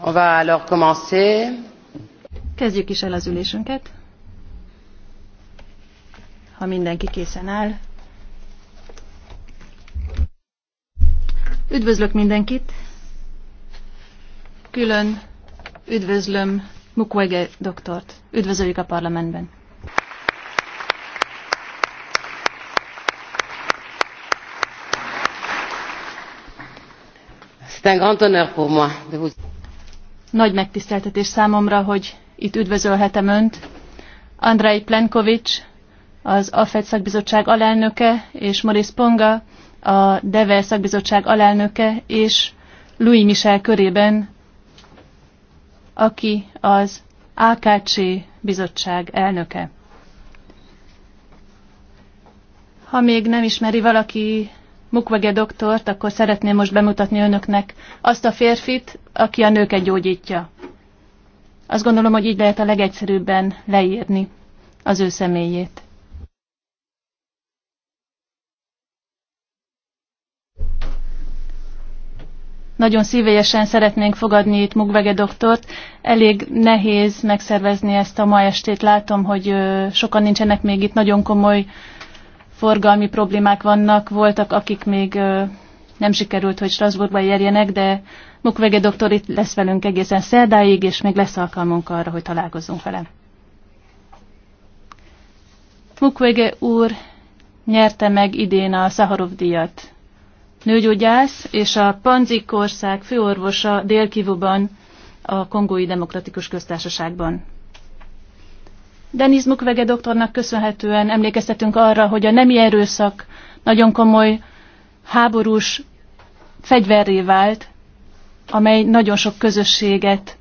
On va alors commencer. Kezdjük is el az ülésünket. Ha mindenki készen áll. Üdvözlök mindenkit. Külön üdvözlöm Mukwege doktort. Üdvözöljük a parlamentben. C'est un grand honneur pour moi de vous. Nagy megtiszteltetés számomra, hogy itt üdvözölhetem Önt. Andrei Plenkovics, az AFED szakbizottság alelnöke, és Maurice Ponga, a DEVE szakbizottság alelnöke, és Louis Michel körében, aki az AKC bizottság elnöke. Ha még nem ismeri valaki Mukwege doktort, akkor szeretném most bemutatni önöknek azt a férfit, aki a nőket gyógyítja. Azt gondolom, hogy így lehet a legegyszerűbben leírni az ő személyét. Nagyon szívélyesen szeretnénk fogadni itt Mugvege doktort. Elég nehéz megszervezni ezt a ma estét. Látom, hogy sokan nincsenek még itt. Nagyon komoly forgalmi problémák vannak, voltak, akik még nem sikerült, hogy Strasbourgba érjenek, de Mukwege doktor itt lesz velünk egészen szerdáig, és még lesz alkalmunk arra, hogy találkozzunk vele. Mukwege úr nyerte meg idén a Szaharov díjat. Nőgyógyász és a ország főorvosa Délkivuban, a Kongói Demokratikus Köztársaságban. Denis Mukwege doktornak köszönhetően emlékeztetünk arra, hogy a nemi erőszak nagyon komoly háborús fegyverré vált, amely nagyon sok közösséget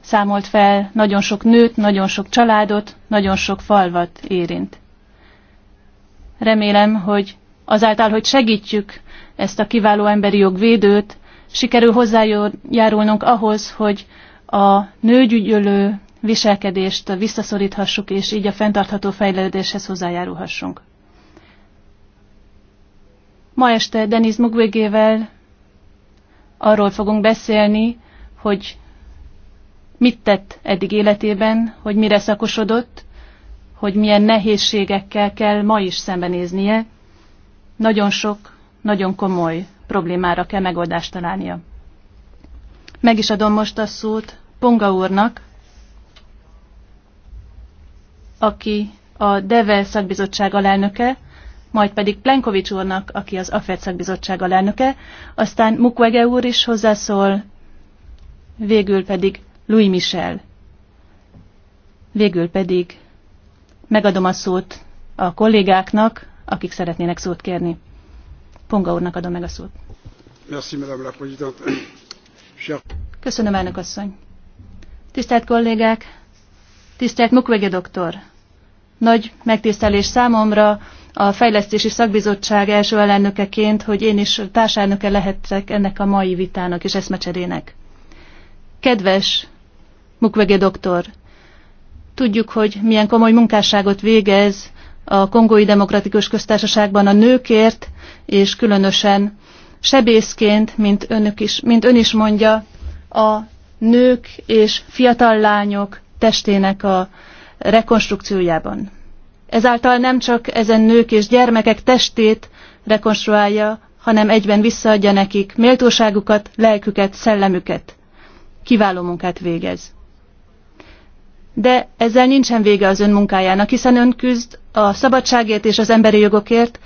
számolt fel, nagyon sok nőt, nagyon sok családot, nagyon sok falvat érint. Remélem, hogy azáltal, hogy segítjük ezt a kiváló emberi jogvédőt, sikerül hozzájárulnunk ahhoz, hogy a nőgyügyölő viselkedést visszaszoríthassuk, és így a fenntartható fejlődéshez hozzájárulhassunk. Ma este Denis Mugvégével arról fogunk beszélni, hogy mit tett eddig életében, hogy mire szakosodott, hogy milyen nehézségekkel kell ma is szembenéznie. Nagyon sok, nagyon komoly problémára kell megoldást találnia. Meg is adom most a szót Ponga úrnak, aki a DEVE szakbizottság alelnöke, majd pedig Plenkovics úrnak, aki az AFED szakbizottság alelnöke, aztán Mukwege úr is hozzászól, végül pedig Louis Michel. Végül pedig megadom a szót a kollégáknak, akik szeretnének szót kérni. Ponga úrnak adom meg a szót. Köszönöm, elnök asszony. Tisztelt kollégák, Tisztelt Mukwege doktor! Nagy megtisztelés számomra a Fejlesztési Szakbizottság első elnökeként, hogy én is társelnöke lehetek ennek a mai vitának és eszmecserének. Kedves Mukwege doktor! Tudjuk, hogy milyen komoly munkásságot végez a Kongói Demokratikus Köztársaságban a nőkért, és különösen sebészként, mint, önök is, mint ön is mondja, a nők és fiatal lányok testének a rekonstrukciójában. Ezáltal nem csak ezen nők és gyermekek testét rekonstruálja, hanem egyben visszaadja nekik méltóságukat, lelküket, szellemüket. Kiváló munkát végez. De ezzel nincsen vége az ön munkájának, hiszen ön küzd a szabadságért és az emberi jogokért,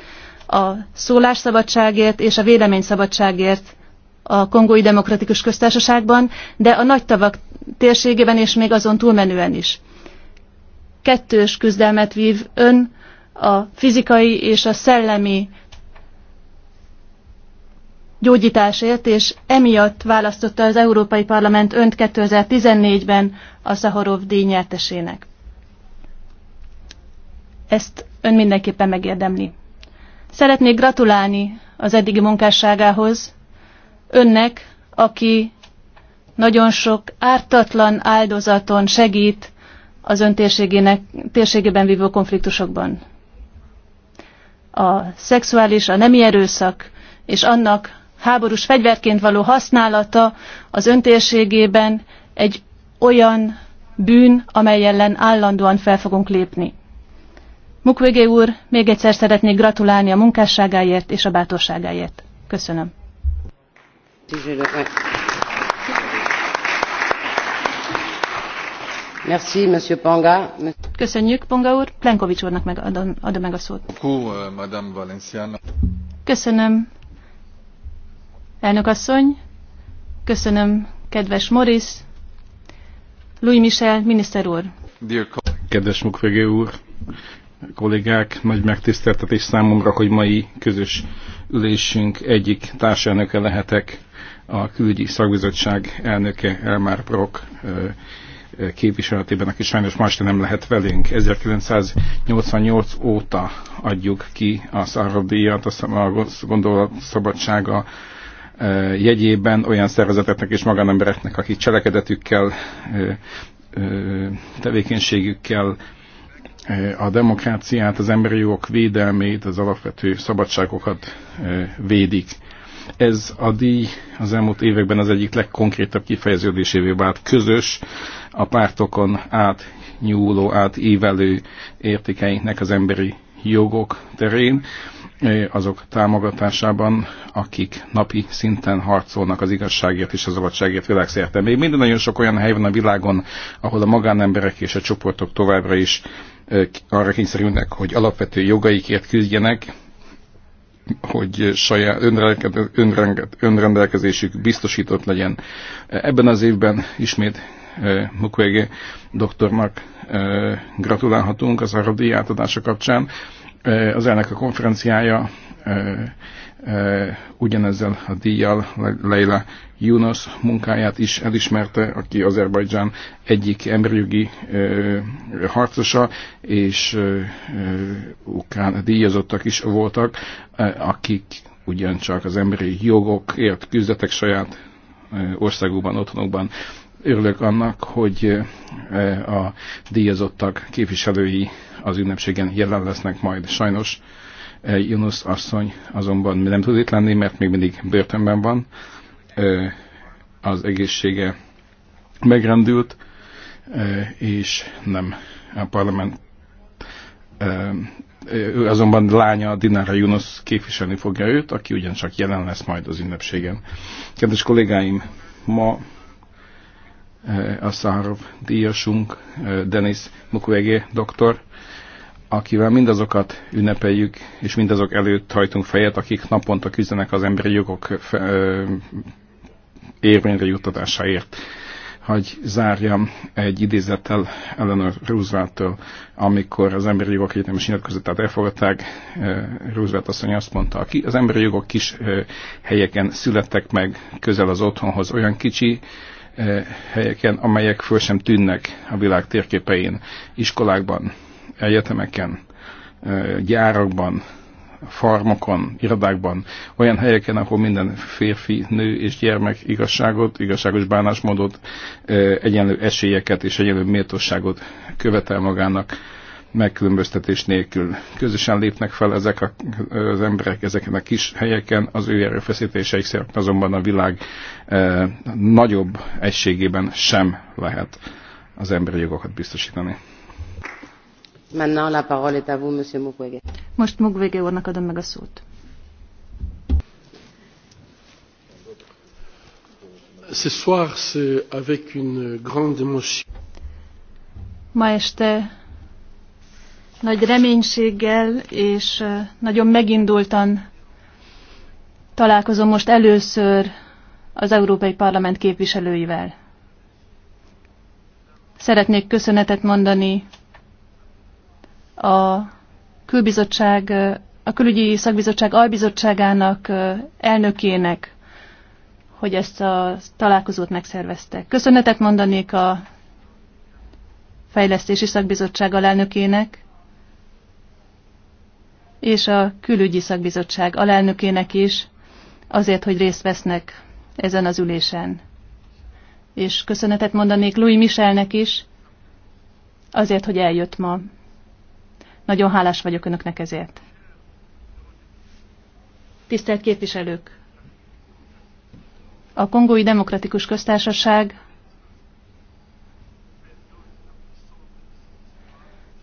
a szólásszabadságért és a véleményszabadságért a Kongói Demokratikus Köztársaságban, de a nagy tavak térségében és még azon túlmenően is. Kettős küzdelmet vív ön a fizikai és a szellemi gyógyításért, és emiatt választotta az Európai Parlament önt 2014-ben a Szaharov díj nyertesének. Ezt ön mindenképpen megérdemli. Szeretnék gratulálni az eddigi munkásságához, önnek, aki nagyon sok ártatlan áldozaton segít az ön térségében vívó konfliktusokban. A szexuális, a nemi erőszak és annak háborús fegyverként való használata az térségében egy olyan bűn, amely ellen állandóan fel fogunk lépni. Mukwege úr, még egyszer szeretnék gratulálni a munkásságáért és a bátorságáért. Köszönöm. Merci, Monsieur Panga. Köszönjük, Ponga úr. Plenkovics úrnak meg adom, adom meg a szót. Euh, Köszönöm, elnök asszony. Köszönöm, kedves Morris. Louis Michel, miniszter úr. Kedves Mukwege úr, kollégák, nagy megtiszteltetés számomra, hogy mai közös ülésünk egyik társelnöke lehetek a külügyi szakbizottság elnöke Elmar Brock képviseletében, aki sajnos ma este nem lehet velünk. 1988 óta adjuk ki a Szarabdíjat, a gondolatszabadsága jegyében olyan szervezeteknek és magánembereknek, akik cselekedetükkel, tevékenységükkel a demokráciát, az emberi jogok védelmét, az alapvető szabadságokat védik ez a díj az elmúlt években az egyik legkonkrétabb kifejeződésévé vált közös, a pártokon átnyúló, átívelő értékeinknek az emberi jogok terén, azok támogatásában, akik napi szinten harcolnak az igazságért és a szabadságért világszerte. Még minden nagyon sok olyan hely van a világon, ahol a magánemberek és a csoportok továbbra is arra kényszerülnek, hogy alapvető jogaikért küzdjenek, hogy saját önrendelkezésük biztosított legyen. Ebben az évben ismét eh, Mukwege doktornak eh, gratulálhatunk az aradi átadása kapcsán. Eh, az elnök a konferenciája ugyanezzel a díjjal Leila Yunus munkáját is elismerte, aki Azerbajdzsán egyik emberjogi harcosa, és ukrán díjazottak is voltak, akik ugyancsak az emberi jogokért küzdetek saját országukban, otthonokban. Örülök annak, hogy a díjazottak képviselői az ünnepségen jelen lesznek majd sajnos. Yunus asszony azonban nem tud itt lenni, mert még mindig börtönben van az egészsége megrendült, és nem a parlament ő azonban lánya Dinára Yunus képviselni fogja őt, aki ugyancsak jelen lesz majd az ünnepségen. Kedves kollégáim, ma a Szárov díjasunk, Denis Mukwege doktor, akivel mindazokat ünnepeljük, és mindazok előtt hajtunk fejet, akik naponta küzdenek az emberi jogok érvényre juttatásáért. Hogy zárjam egy idézettel Eleanor roosevelt amikor az emberi jogok egyetemes nyilatkozatát elfogadták, Roosevelt asszony azt mondta, ki az emberi jogok kis helyeken születtek meg, közel az otthonhoz, olyan kicsi, helyeken, amelyek föl sem tűnnek a világ térképein, iskolákban, egyetemeken, gyárakban, farmokon, irodákban, olyan helyeken, ahol minden férfi, nő és gyermek igazságot, igazságos bánásmódot, egyenlő esélyeket és egyenlő méltóságot követel magának megkülönböztetés nélkül. Közösen lépnek fel ezek a, az emberek ezeken a kis helyeken, az ő erőfeszítéseik szerint azonban a világ e, nagyobb egységében sem lehet az emberi jogokat biztosítani. Maintenant, la parole est à vous, Monsieur Mukwege. Most Mukwege úrnak adom meg a szót. Ce soir, c'est avec une grande émotion. Ma este nagy reménységgel és nagyon megindultan találkozom most először az Európai Parlament képviselőivel. Szeretnék köszönetet mondani a külbizottság, a külügyi szakbizottság albizottságának elnökének, hogy ezt a találkozót megszervezte. Köszönetet mondanék a fejlesztési szakbizottság alelnökének, és a külügyi szakbizottság alelnökének is azért, hogy részt vesznek ezen az ülésen. És köszönetet mondanék Louis Michelnek is azért, hogy eljött ma. Nagyon hálás vagyok önöknek ezért. Tisztelt képviselők! A Kongói Demokratikus Köztársaság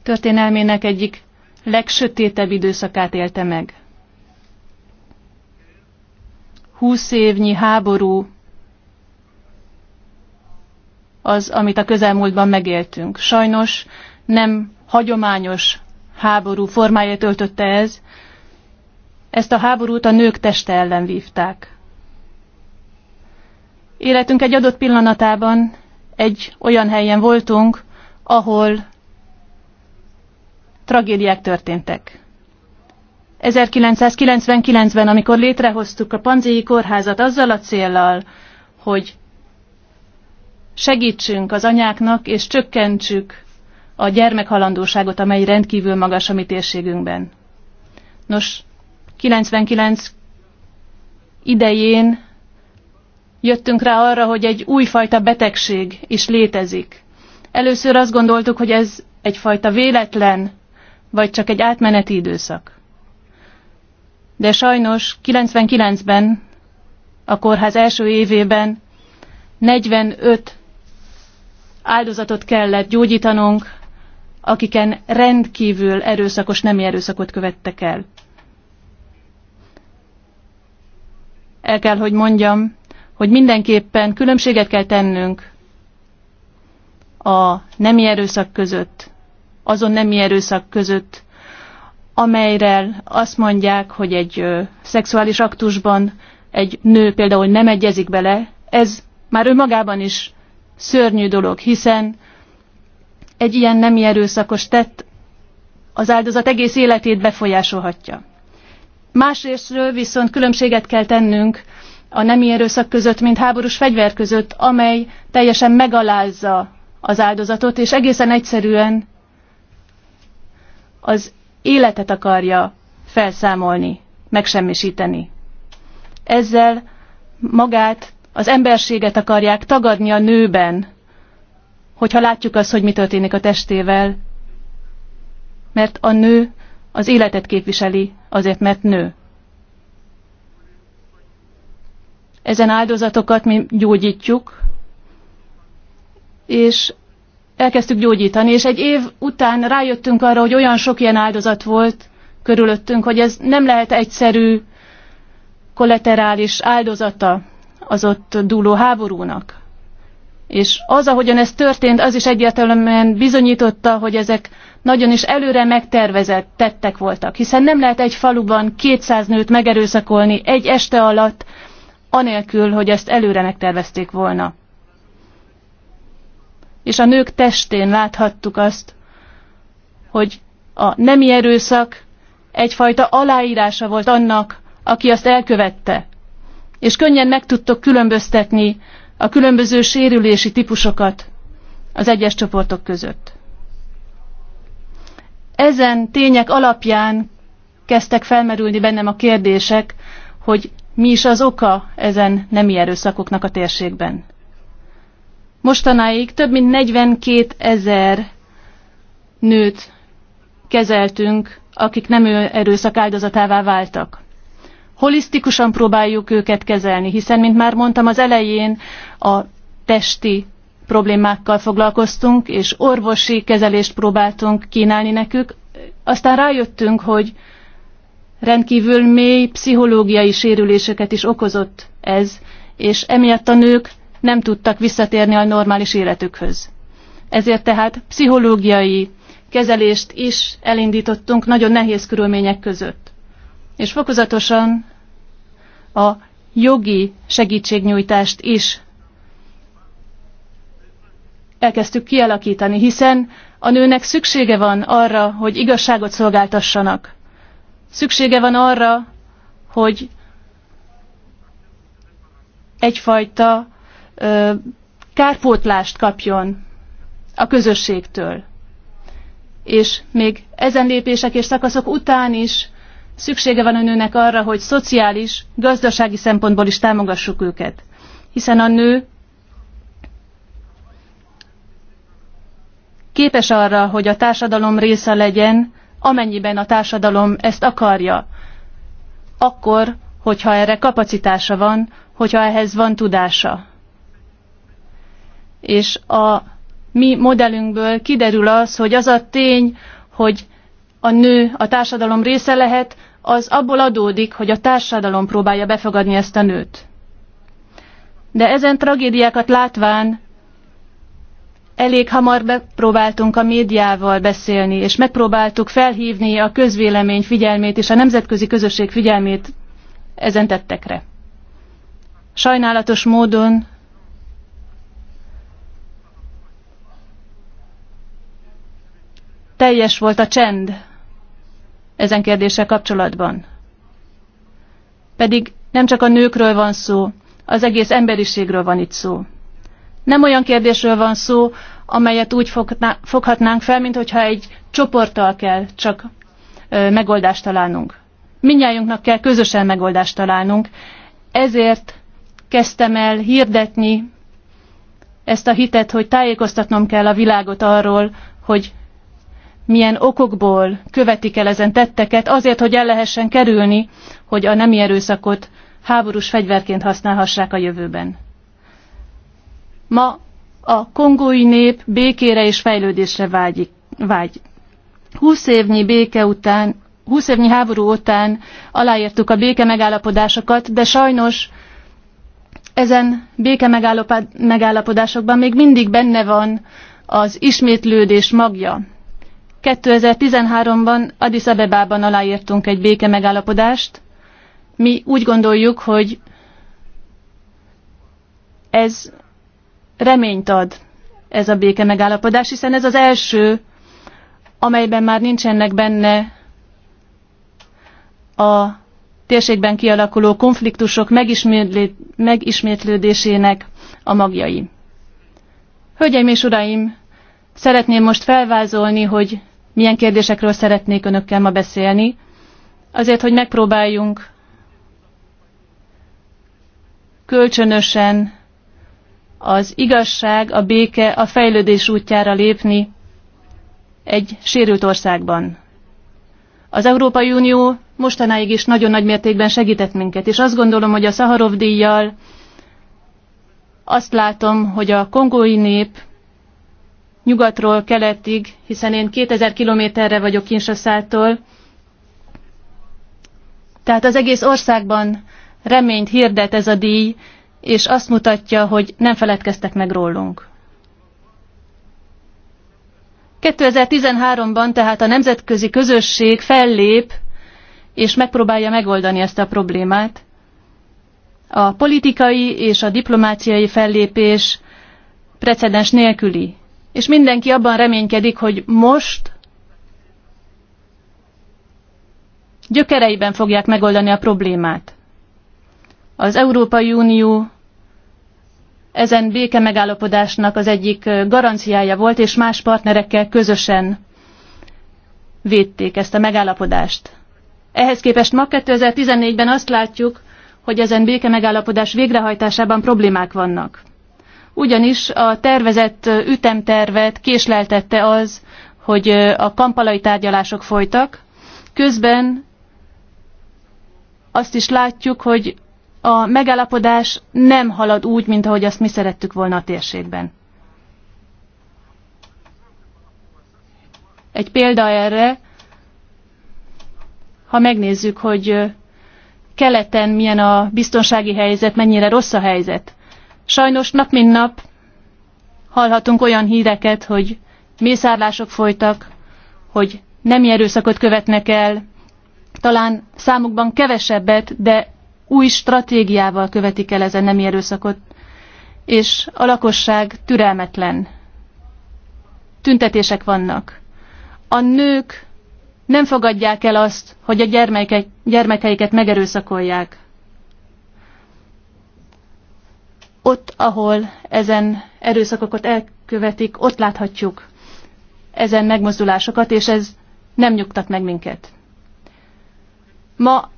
történelmének egyik legsötétebb időszakát élte meg. Húsz évnyi háború az, amit a közelmúltban megéltünk. Sajnos nem hagyományos háború formáját öltötte ez. Ezt a háborút a nők teste ellen vívták. Életünk egy adott pillanatában egy olyan helyen voltunk, ahol tragédiák történtek. 1999-ben, amikor létrehoztuk a Panzéi Kórházat azzal a céllal, hogy segítsünk az anyáknak és csökkentsük a gyermekhalandóságot, amely rendkívül magas a mi térségünkben. Nos, 99 idején jöttünk rá arra, hogy egy újfajta betegség is létezik. Először azt gondoltuk, hogy ez egyfajta véletlen, vagy csak egy átmeneti időszak. De sajnos 99-ben, a kórház első évében 45 áldozatot kellett gyógyítanunk, akiken rendkívül erőszakos nemi erőszakot követtek el. El kell, hogy mondjam, hogy mindenképpen különbséget kell tennünk a nemi erőszak között, azon nemi erőszak között, amelyrel azt mondják, hogy egy ö, szexuális aktusban egy nő például nem egyezik bele, ez már önmagában is szörnyű dolog, hiszen egy ilyen nemi erőszakos tett az áldozat egész életét befolyásolhatja. Másrésztről viszont különbséget kell tennünk a nemi erőszak között, mint háborús fegyver között, amely teljesen megalázza az áldozatot, és egészen egyszerűen az életet akarja felszámolni, megsemmisíteni. Ezzel magát, az emberséget akarják tagadni a nőben, hogyha látjuk azt, hogy mi történik a testével, mert a nő az életet képviseli, azért mert nő. Ezen áldozatokat mi gyógyítjuk, és elkezdtük gyógyítani, és egy év után rájöttünk arra, hogy olyan sok ilyen áldozat volt körülöttünk, hogy ez nem lehet egyszerű kollaterális áldozata az ott dúló háborúnak. És az, ahogyan ez történt, az is egyértelműen bizonyította, hogy ezek nagyon is előre megtervezett tettek voltak, hiszen nem lehet egy faluban 200 nőt megerőszakolni egy este alatt, anélkül, hogy ezt előre megtervezték volna. És a nők testén láthattuk azt, hogy a nemi erőszak egyfajta aláírása volt annak, aki azt elkövette. És könnyen meg tudtok különböztetni a különböző sérülési típusokat az egyes csoportok között. Ezen tények alapján kezdtek felmerülni bennem a kérdések, hogy mi is az oka ezen nemi erőszakoknak a térségben. Mostanáig több mint 42 ezer nőt kezeltünk, akik nem erőszak áldozatává váltak holisztikusan próbáljuk őket kezelni, hiszen, mint már mondtam az elején, a testi problémákkal foglalkoztunk, és orvosi kezelést próbáltunk kínálni nekük. Aztán rájöttünk, hogy rendkívül mély pszichológiai sérüléseket is okozott ez, és emiatt a nők nem tudtak visszatérni a normális életükhöz. Ezért tehát pszichológiai kezelést is elindítottunk nagyon nehéz körülmények között és fokozatosan a jogi segítségnyújtást is elkezdtük kialakítani, hiszen a nőnek szüksége van arra, hogy igazságot szolgáltassanak. Szüksége van arra, hogy egyfajta ö, kárpótlást kapjon a közösségtől. És még ezen lépések és szakaszok után is Szüksége van a nőnek arra, hogy szociális, gazdasági szempontból is támogassuk őket. Hiszen a nő képes arra, hogy a társadalom része legyen, amennyiben a társadalom ezt akarja. Akkor, hogyha erre kapacitása van, hogyha ehhez van tudása. És a mi modellünkből kiderül az, hogy az a tény, hogy a nő a társadalom része lehet, az abból adódik, hogy a társadalom próbálja befogadni ezt a nőt. De ezen tragédiákat látván elég hamar megpróbáltunk a médiával beszélni, és megpróbáltuk felhívni a közvélemény figyelmét és a nemzetközi közösség figyelmét ezen tettekre. Sajnálatos módon teljes volt a csend ezen kérdése kapcsolatban. Pedig nem csak a nőkről van szó, az egész emberiségről van itt szó. Nem olyan kérdésről van szó, amelyet úgy foghatnánk fel, mint hogyha egy csoporttal kell csak megoldást találnunk. Mindjájunknak kell közösen megoldást találnunk. Ezért kezdtem el hirdetni ezt a hitet, hogy tájékoztatnom kell a világot arról, hogy milyen okokból követik el ezen tetteket, azért, hogy el lehessen kerülni, hogy a nemi erőszakot háborús fegyverként használhassák a jövőben. Ma a kongói nép békére és fejlődésre vágyik, vágy. Húsz évnyi béke után, húsz évnyi háború után aláírtuk a béke megállapodásokat, de sajnos ezen béke megállapodásokban még mindig benne van az ismétlődés magja. 2013-ban Addis Abebában aláírtunk egy béke megállapodást. Mi úgy gondoljuk, hogy ez reményt ad ez a béke megállapodás, hiszen ez az első, amelyben már nincsenek benne a térségben kialakuló konfliktusok megismétlődésének a magjai. Hölgyeim és uraim, szeretném most felvázolni, hogy milyen kérdésekről szeretnék önökkel ma beszélni, azért, hogy megpróbáljunk kölcsönösen az igazság, a béke, a fejlődés útjára lépni egy sérült országban. Az Európai Unió mostanáig is nagyon nagy mértékben segített minket, és azt gondolom, hogy a Szaharov díjjal azt látom, hogy a kongói nép nyugatról keletig, hiszen én 2000 kilométerre vagyok Kinsaszától. Tehát az egész országban reményt hirdet ez a díj, és azt mutatja, hogy nem feledkeztek meg rólunk. 2013-ban tehát a nemzetközi közösség fellép, és megpróbálja megoldani ezt a problémát. A politikai és a diplomáciai fellépés precedens nélküli és mindenki abban reménykedik, hogy most gyökereiben fogják megoldani a problémát. Az Európai Unió ezen béke megállapodásnak az egyik garanciája volt, és más partnerekkel közösen védték ezt a megállapodást. Ehhez képest ma 2014-ben azt látjuk, hogy ezen béke megállapodás végrehajtásában problémák vannak ugyanis a tervezett ütemtervet késleltette az, hogy a kampalai tárgyalások folytak, közben azt is látjuk, hogy a megállapodás nem halad úgy, mint ahogy azt mi szerettük volna a térségben. Egy példa erre, ha megnézzük, hogy keleten milyen a biztonsági helyzet, mennyire rossz a helyzet. Sajnos nap mint nap hallhatunk olyan híreket, hogy mészárlások folytak, hogy nem erőszakot követnek el, talán számukban kevesebbet, de új stratégiával követik el ezen nem erőszakot, és a lakosság türelmetlen. Tüntetések vannak. A nők nem fogadják el azt, hogy a gyermekeiket megerőszakolják. ott, ahol ezen erőszakokat elkövetik, ott láthatjuk ezen megmozdulásokat, és ez nem nyugtat meg minket. Ma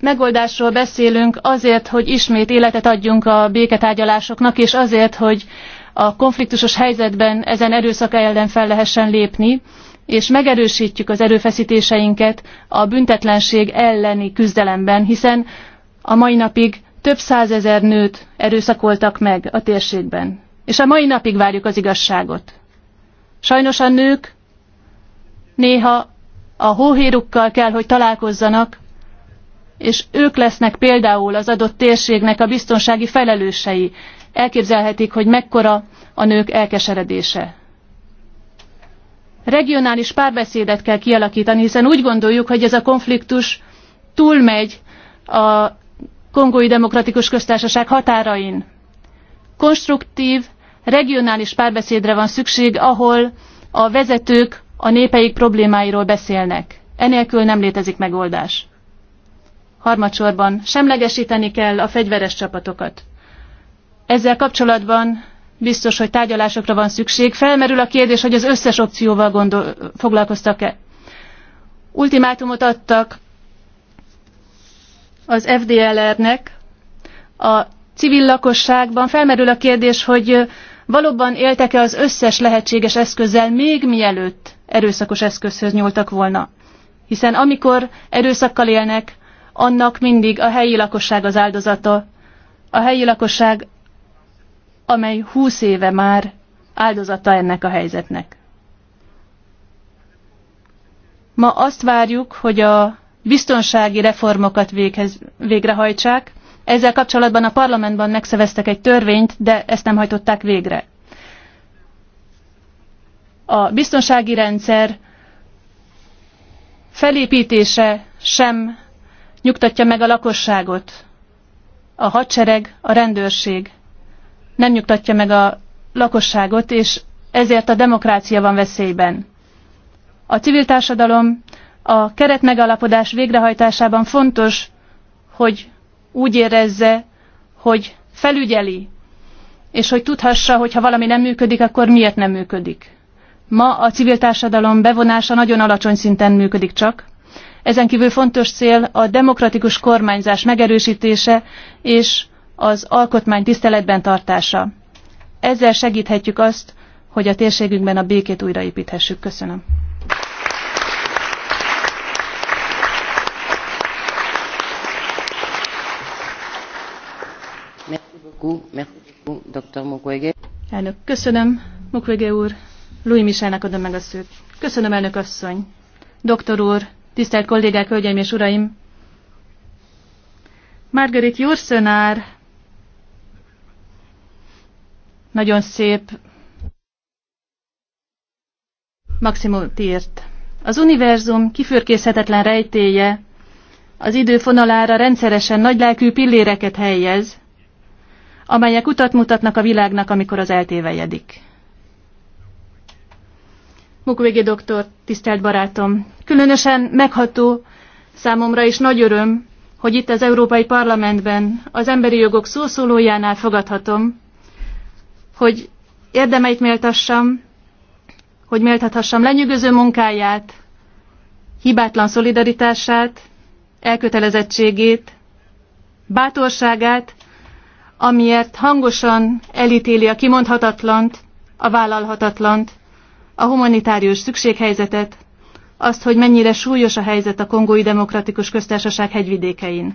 megoldásról beszélünk azért, hogy ismét életet adjunk a béketárgyalásoknak, és azért, hogy a konfliktusos helyzetben ezen erőszak ellen fel lehessen lépni, és megerősítjük az erőfeszítéseinket a büntetlenség elleni küzdelemben, hiszen a mai napig több százezer nőt erőszakoltak meg a térségben. És a mai napig várjuk az igazságot. Sajnos a nők néha a hóhérukkal kell, hogy találkozzanak, és ők lesznek például az adott térségnek a biztonsági felelősei. Elképzelhetik, hogy mekkora a nők elkeseredése. Regionális párbeszédet kell kialakítani, hiszen úgy gondoljuk, hogy ez a konfliktus túlmegy a Kongói Demokratikus Köztársaság határain. Konstruktív, regionális párbeszédre van szükség, ahol a vezetők a népeik problémáiról beszélnek. Enélkül nem létezik megoldás. Harmadsorban semlegesíteni kell a fegyveres csapatokat. Ezzel kapcsolatban biztos, hogy tárgyalásokra van szükség. Felmerül a kérdés, hogy az összes opcióval gondol, foglalkoztak-e. Ultimátumot adtak az FDLR-nek a civil lakosságban felmerül a kérdés, hogy valóban éltek-e az összes lehetséges eszközzel, még mielőtt erőszakos eszközhöz nyúltak volna. Hiszen amikor erőszakkal élnek, annak mindig a helyi lakosság az áldozata. A helyi lakosság, amely húsz éve már áldozata ennek a helyzetnek. Ma azt várjuk, hogy a biztonsági reformokat véghez, végrehajtsák. Ezzel kapcsolatban a parlamentben megszöveztek egy törvényt, de ezt nem hajtották végre. A biztonsági rendszer felépítése sem nyugtatja meg a lakosságot. A hadsereg, a rendőrség nem nyugtatja meg a lakosságot, és ezért a demokrácia van veszélyben. A civil társadalom a keretmegalapodás végrehajtásában fontos, hogy úgy érezze, hogy felügyeli, és hogy tudhassa, hogy ha valami nem működik, akkor miért nem működik. Ma a civil társadalom bevonása nagyon alacsony szinten működik csak. Ezen kívül fontos cél a demokratikus kormányzás megerősítése és az alkotmány tiszteletben tartása. Ezzel segíthetjük azt, hogy a térségünkben a békét újraépíthessük. Köszönöm. Elnök, köszönöm, Mukwege úr. Louis Michelnek adom meg a szőt. Köszönöm, elnök asszony. Doktor úr, tisztelt kollégák, hölgyeim és uraim. Margaret Jurszönár. nagyon szép Maximum tért. Az univerzum kifürkészhetetlen rejtéje az idő fonalára rendszeresen nagylelkű pilléreket helyez, amelyek utat mutatnak a világnak, amikor az eltévejedik. Mukwege doktor, tisztelt barátom, különösen megható számomra is nagy öröm, hogy itt az Európai Parlamentben az emberi jogok szószólójánál fogadhatom, hogy érdemeit méltassam, hogy méltathassam lenyűgöző munkáját, hibátlan szolidaritását, elkötelezettségét, bátorságát amiért hangosan elítéli a kimondhatatlant, a vállalhatatlant, a humanitárius szükséghelyzetet, azt, hogy mennyire súlyos a helyzet a Kongói Demokratikus Köztársaság hegyvidékein.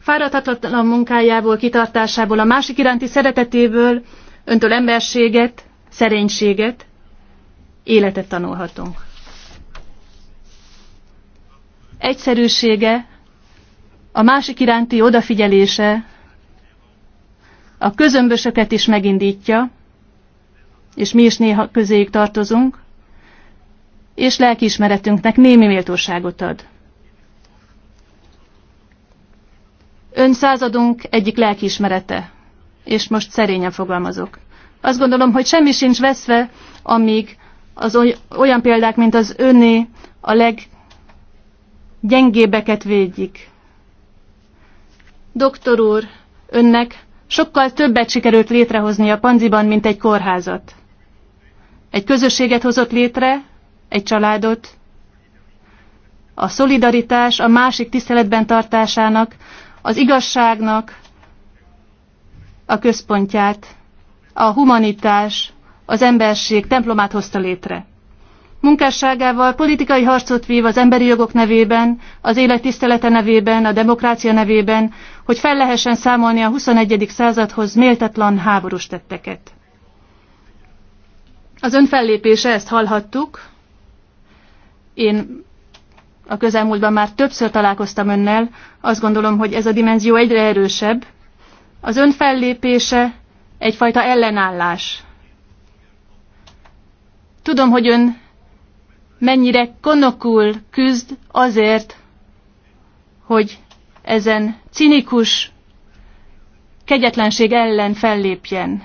Fáradhatatlan munkájából, kitartásából, a másik iránti szeretetéből öntől emberséget, szerénységet, életet tanulhatunk. Egyszerűsége, a másik iránti odafigyelése, a közömbösöket is megindítja, és mi is néha közéjük tartozunk, és lelkiismeretünknek némi méltóságot ad. Ön századunk egyik lelkiismerete, és most szerényen fogalmazok. Azt gondolom, hogy semmi sincs veszve, amíg az olyan példák, mint az öné a leggyengébbeket védjik. Doktor úr, önnek Sokkal többet sikerült létrehozni a Panziban, mint egy kórházat. Egy közösséget hozott létre, egy családot. A szolidaritás a másik tiszteletben tartásának, az igazságnak a központját, a humanitás, az emberség templomát hozta létre. Munkásságával politikai harcot vív az emberi jogok nevében, az élet tisztelete nevében, a demokrácia nevében, hogy fel lehessen számolni a 21. századhoz méltatlan háborús tetteket. Az önfellépése, ezt hallhattuk. Én a közelmúltban már többször találkoztam önnel, azt gondolom, hogy ez a dimenzió egyre erősebb. Az önfellépése egyfajta ellenállás. Tudom, hogy ön mennyire konokul küzd azért, hogy ezen cinikus kegyetlenség ellen fellépjen.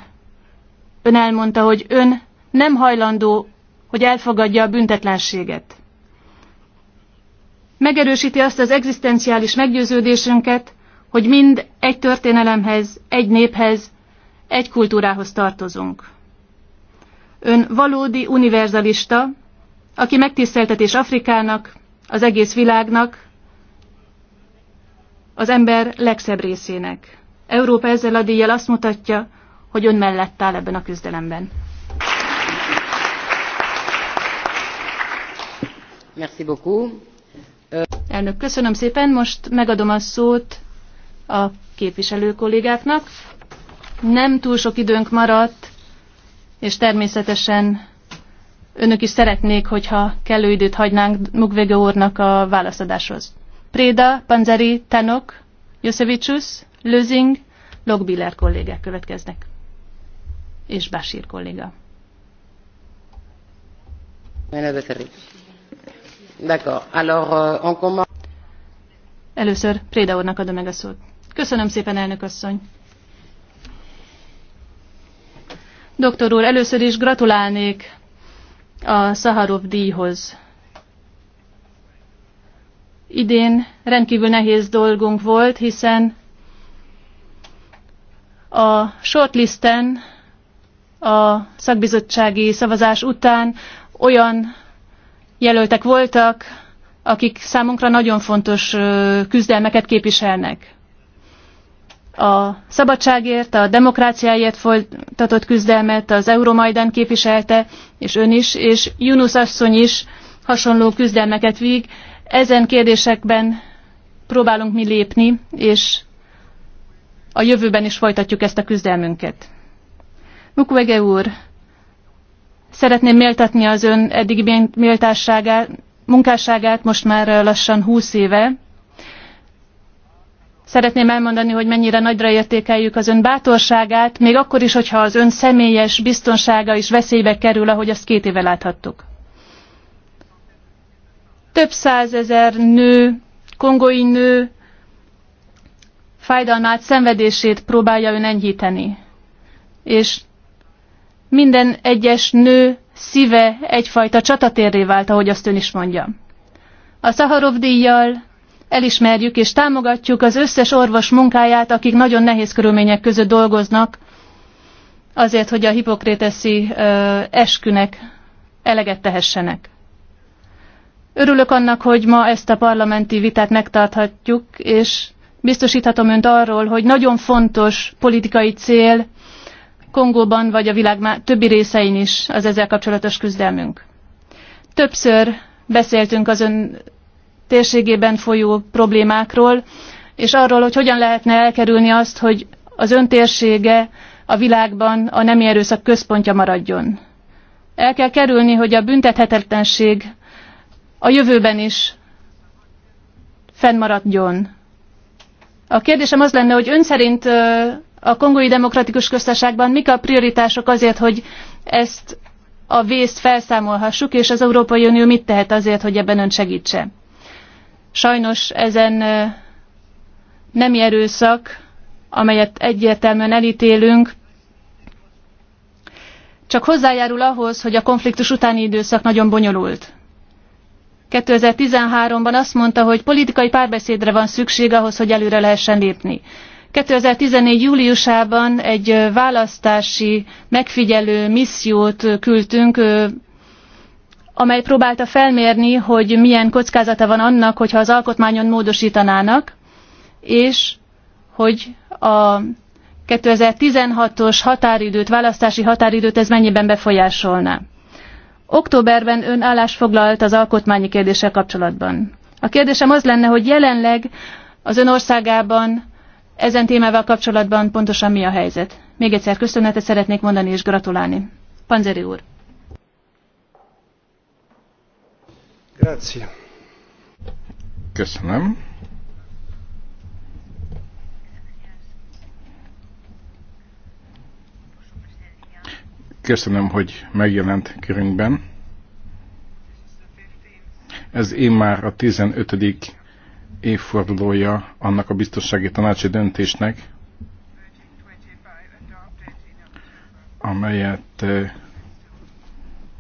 Ön elmondta, hogy ön nem hajlandó, hogy elfogadja a büntetlenséget. Megerősíti azt az egzisztenciális meggyőződésünket, hogy mind egy történelemhez, egy néphez, egy kultúrához tartozunk. Ön valódi univerzalista, aki megtiszteltetés Afrikának, az egész világnak, az ember legszebb részének. Európa ezzel a díjjal azt mutatja, hogy ön mellett áll ebben a küzdelemben. Merci beaucoup. Euh, Elnök, köszönöm szépen. Most megadom a szót a képviselő kollégáknak. Nem túl sok időnk maradt, és természetesen önök is szeretnék, hogyha kellő időt hagynánk Mugvege úrnak a válaszadáshoz. Préda, Panzeri, Tanok, Josevicius, Lözing, Logbiller kollégák következnek. És Basír kolléga. Euh, először Préda úrnak adom meg a szót. Köszönöm szépen, elnök asszony. Doktor úr, először is gratulálnék a Szaharov díjhoz idén rendkívül nehéz dolgunk volt, hiszen a shortlisten a szakbizottsági szavazás után olyan jelöltek voltak, akik számunkra nagyon fontos küzdelmeket képviselnek. A szabadságért, a demokráciáért folytatott küzdelmet az Euromajdan képviselte, és ön is, és Yunus asszony is hasonló küzdelmeket víg, ezen kérdésekben próbálunk mi lépni, és a jövőben is folytatjuk ezt a küzdelmünket. Mukwege úr, szeretném méltatni az ön eddigi méltásságát, munkásságát most már lassan 20 éve. Szeretném elmondani, hogy mennyire nagyra értékeljük az ön bátorságát, még akkor is, hogyha az ön személyes biztonsága is veszélybe kerül, ahogy azt két éve láthattuk több százezer nő, kongói nő fájdalmát, szenvedését próbálja ön enyhíteni. És minden egyes nő szíve egyfajta csatatérré vált, ahogy azt ön is mondja. A Szaharov díjjal elismerjük és támogatjuk az összes orvos munkáját, akik nagyon nehéz körülmények között dolgoznak, azért, hogy a hipokréteszi eskünek eleget tehessenek. Örülök annak, hogy ma ezt a parlamenti vitát megtarthatjuk, és biztosíthatom önt arról, hogy nagyon fontos politikai cél Kongóban vagy a világ többi részein is az ezzel kapcsolatos küzdelmünk. Többször beszéltünk az ön térségében folyó problémákról, és arról, hogy hogyan lehetne elkerülni azt, hogy az ön térsége a világban a nemi erőszak központja maradjon. El kell kerülni, hogy a büntethetetlenség a jövőben is fennmaradjon. A kérdésem az lenne, hogy ön szerint a Kongói Demokratikus Köztársaságban mik a prioritások azért, hogy ezt a vészt felszámolhassuk, és az Európai Unió mit tehet azért, hogy ebben ön segítse? Sajnos ezen nem erőszak, amelyet egyértelműen elítélünk, csak hozzájárul ahhoz, hogy a konfliktus utáni időszak nagyon bonyolult. 2013-ban azt mondta, hogy politikai párbeszédre van szükség ahhoz, hogy előre lehessen lépni. 2014. júliusában egy választási megfigyelő missziót küldtünk, amely próbálta felmérni, hogy milyen kockázata van annak, hogyha az alkotmányon módosítanának, és hogy a 2016-os határidőt, választási határidőt ez mennyiben befolyásolná. Októberben ön foglalt az alkotmányi kérdéssel kapcsolatban. A kérdésem az lenne, hogy jelenleg az ön országában ezen témával kapcsolatban pontosan mi a helyzet? Még egyszer köszönetet szeretnék mondani és gratulálni. Panzeri úr. Grazie. Köszönöm. Köszönöm, hogy megjelent körünkben. Ez én már a 15. évfordulója annak a biztonsági tanácsi döntésnek, amelyet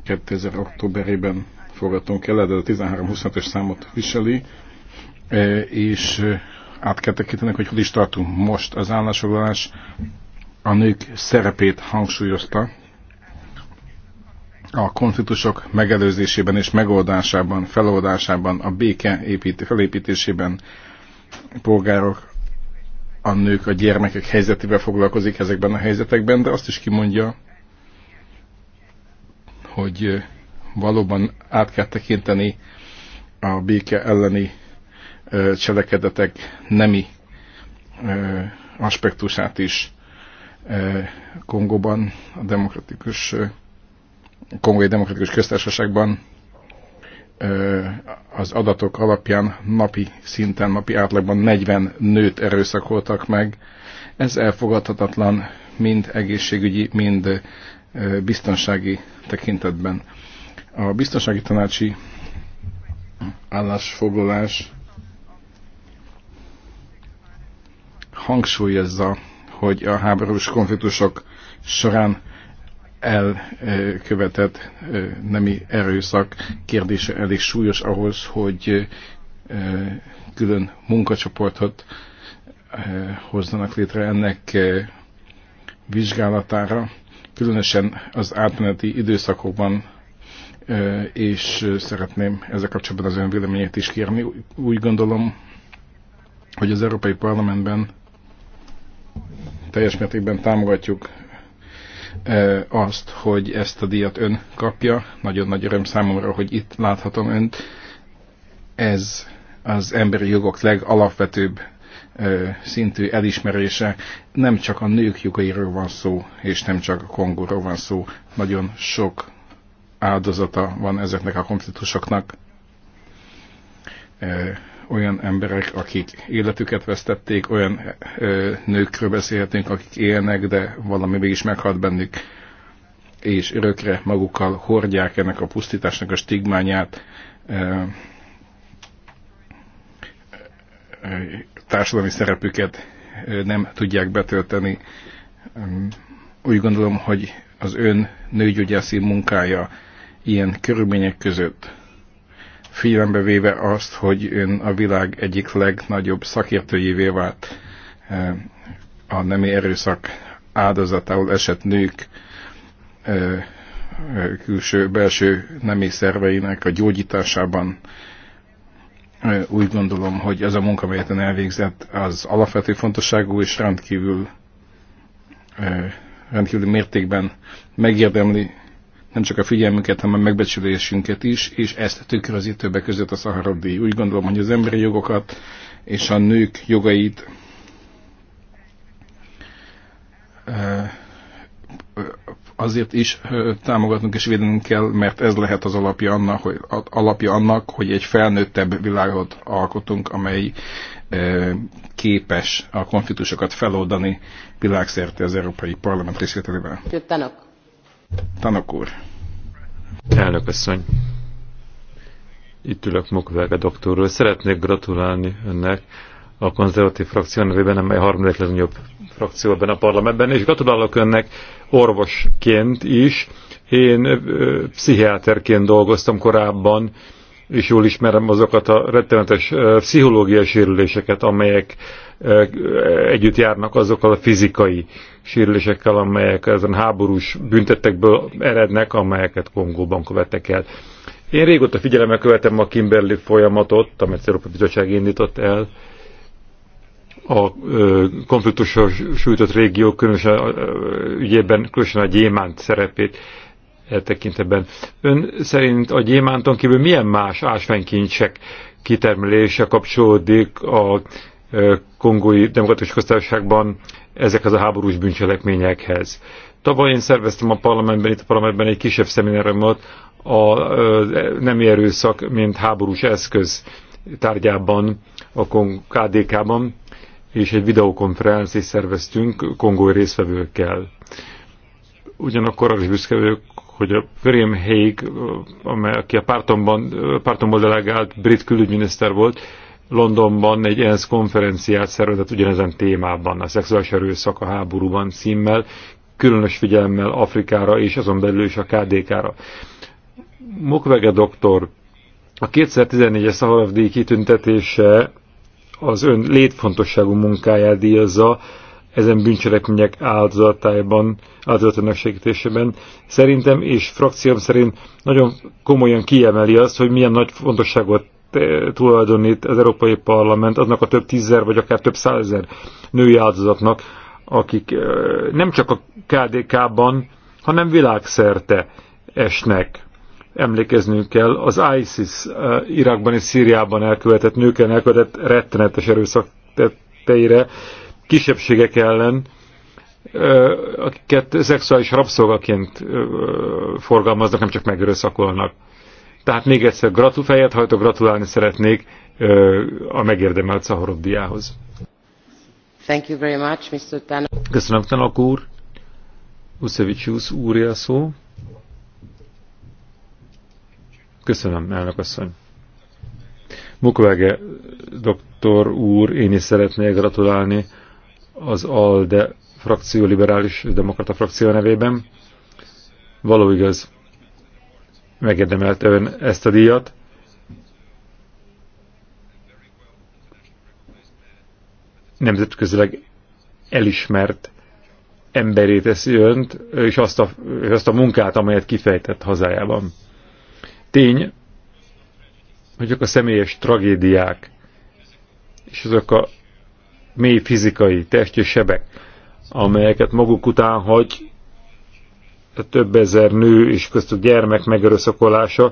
2000. Eh, októberében fogadtunk el, de a 13-25-ös számot viseli, eh, és eh, át kell tekintenek, hogy hogy is tartunk most. Az állásfoglalás a nők szerepét hangsúlyozta, a konfliktusok megelőzésében és megoldásában, feloldásában, a béke építi, felépítésében polgárok, a nők, a gyermekek helyzetével foglalkozik ezekben a helyzetekben, de azt is kimondja, hogy valóban át kell tekinteni a béke elleni cselekedetek nemi aspektusát is Kongóban, a demokratikus Kongói Demokratikus Köztársaságban az adatok alapján napi szinten, napi átlagban 40 nőt erőszakoltak meg. Ez elfogadhatatlan mind egészségügyi, mind biztonsági tekintetben. A biztonsági tanácsi állásfoglalás hangsúlyozza, hogy a háborús konfliktusok során elkövetett nemi erőszak kérdése elég súlyos ahhoz, hogy külön munkacsoportot hozzanak létre ennek vizsgálatára, különösen az átmeneti időszakokban, és szeretném ezzel kapcsolatban az ön véleményét is kérni. Úgy gondolom, hogy az Európai Parlamentben teljes mértékben támogatjuk azt, hogy ezt a díjat ön kapja. Nagyon nagy öröm számomra, hogy itt láthatom önt. Ez az emberi jogok legalapvetőbb szintű elismerése. Nem csak a nők jogairól van szó, és nem csak a Kongóról van szó. Nagyon sok áldozata van ezeknek a konfliktusoknak olyan emberek, akik életüket vesztették, olyan ö, nőkről beszélhetünk, akik élnek, de valami mégis meghalt bennük, és örökre magukkal hordják ennek a pusztításnak a stigmányát. Ö, társadalmi szerepüket nem tudják betölteni. Úgy gondolom, hogy az ön nőgyógyászi munkája ilyen körülmények között figyelembe véve azt, hogy ön a világ egyik legnagyobb szakértőjévé vált e, a nemi erőszak áldozatául esett nők e, e, külső, belső nemi szerveinek a gyógyításában. Úgy gondolom, hogy ez a munka, amelyet ön elvégzett, az alapvető fontosságú és rendkívül rendkívüli mértékben megérdemli nem csak a figyelmünket, hanem a megbecsülésünket is, és ezt tükrözi többek között a Szaharov Úgy gondolom, hogy az emberi jogokat és a nők jogait azért is támogatnunk és védenünk kell, mert ez lehet az alapja annak, hogy, alapja annak, hogy egy felnőttebb világot alkotunk, amely képes a konfliktusokat feloldani világszerte az Európai Parlament részvételével. Köszönöm. Tanok úr. Elnök asszony. Itt ülök Mokvelge doktorról. Szeretnék gratulálni önnek a konzervatív frakció nevében, amely a harmadik legnagyobb frakció ebben a parlamentben, és gratulálok önnek orvosként is. Én ö, pszichiáterként dolgoztam korábban, és jól ismerem azokat a rettenetes pszichológiai sérüléseket, amelyek együtt járnak azokkal a fizikai sérülésekkel, amelyek ezen háborús büntetekből erednek, amelyeket Kongóban követtek el. Én régóta figyelemmel követem a Kimberley folyamatot, amelyet az Európai Bizottság indított el, a konfliktusra sújtott régió különösen ügyében, különösen a gyémánt szerepét e tekintetben. Ön szerint a gyémánton kívül milyen más ásványkincsek kitermelése kapcsolódik a kongói demokratikus köztársaságban ezekhez a háborús bűncselekményekhez. Tavaly én szerveztem a parlamentben, itt a parlamentben egy kisebb szemináriumot a nem erőszak, mint háborús eszköz tárgyában, a KDK-ban, és egy videokonferenciát szerveztünk kongói részvevőkkel. Ugyanakkor arra is büszke vagyok, hogy a William Hague, aki a pártomban, pártomból delegált brit külügyminiszter volt, Londonban egy ENSZ konferenciát szervezett ugyanezen témában, a szexuális erőszak a háborúban címmel, különös figyelemmel Afrikára és azon belül is a KDK-ra. Mukwege doktor, a 2014-es Szaharov díj kitüntetése az ön létfontosságú munkáját díjazza, ezen bűncselekmények áldozatában, áldozatának segítésében. Szerintem és frakcióm szerint nagyon komolyan kiemeli azt, hogy milyen nagy fontosságot tulajdonít az Európai Parlament aznak a több tízzer vagy akár több százezer női áldozatnak, akik nem csak a KDK-ban, hanem világszerte esnek. Emlékeznünk kell az ISIS Irakban és Szíriában elkövetett nőkkel elkövetett rettenetes erőszak tetteire, kisebbségek ellen, akiket szexuális rabszolgaként forgalmaznak, nem csak megerőszakolnak. Tehát még egyszer gratul, fejet hajtok, gratulálni szeretnék a megérdemelt Szahorov diához. Thank you very much, Mr. Köszönöm, Tanak úr. Uszevicius úr szó. Köszönöm, elnök asszony. Mukwege doktor úr, én is szeretnék gratulálni az ALDE frakció, liberális demokrata frakció nevében. Való igaz, megérdemelt ön ezt a díjat. Nemzetközileg elismert emberé teszi önt, és azt a, és azt a munkát, amelyet kifejtett hazájában. Tény, hogy a személyes tragédiák, és azok a mély fizikai, testi sebek, amelyeket maguk után hagy, több ezer nő és köztük gyermek megerőszakolása,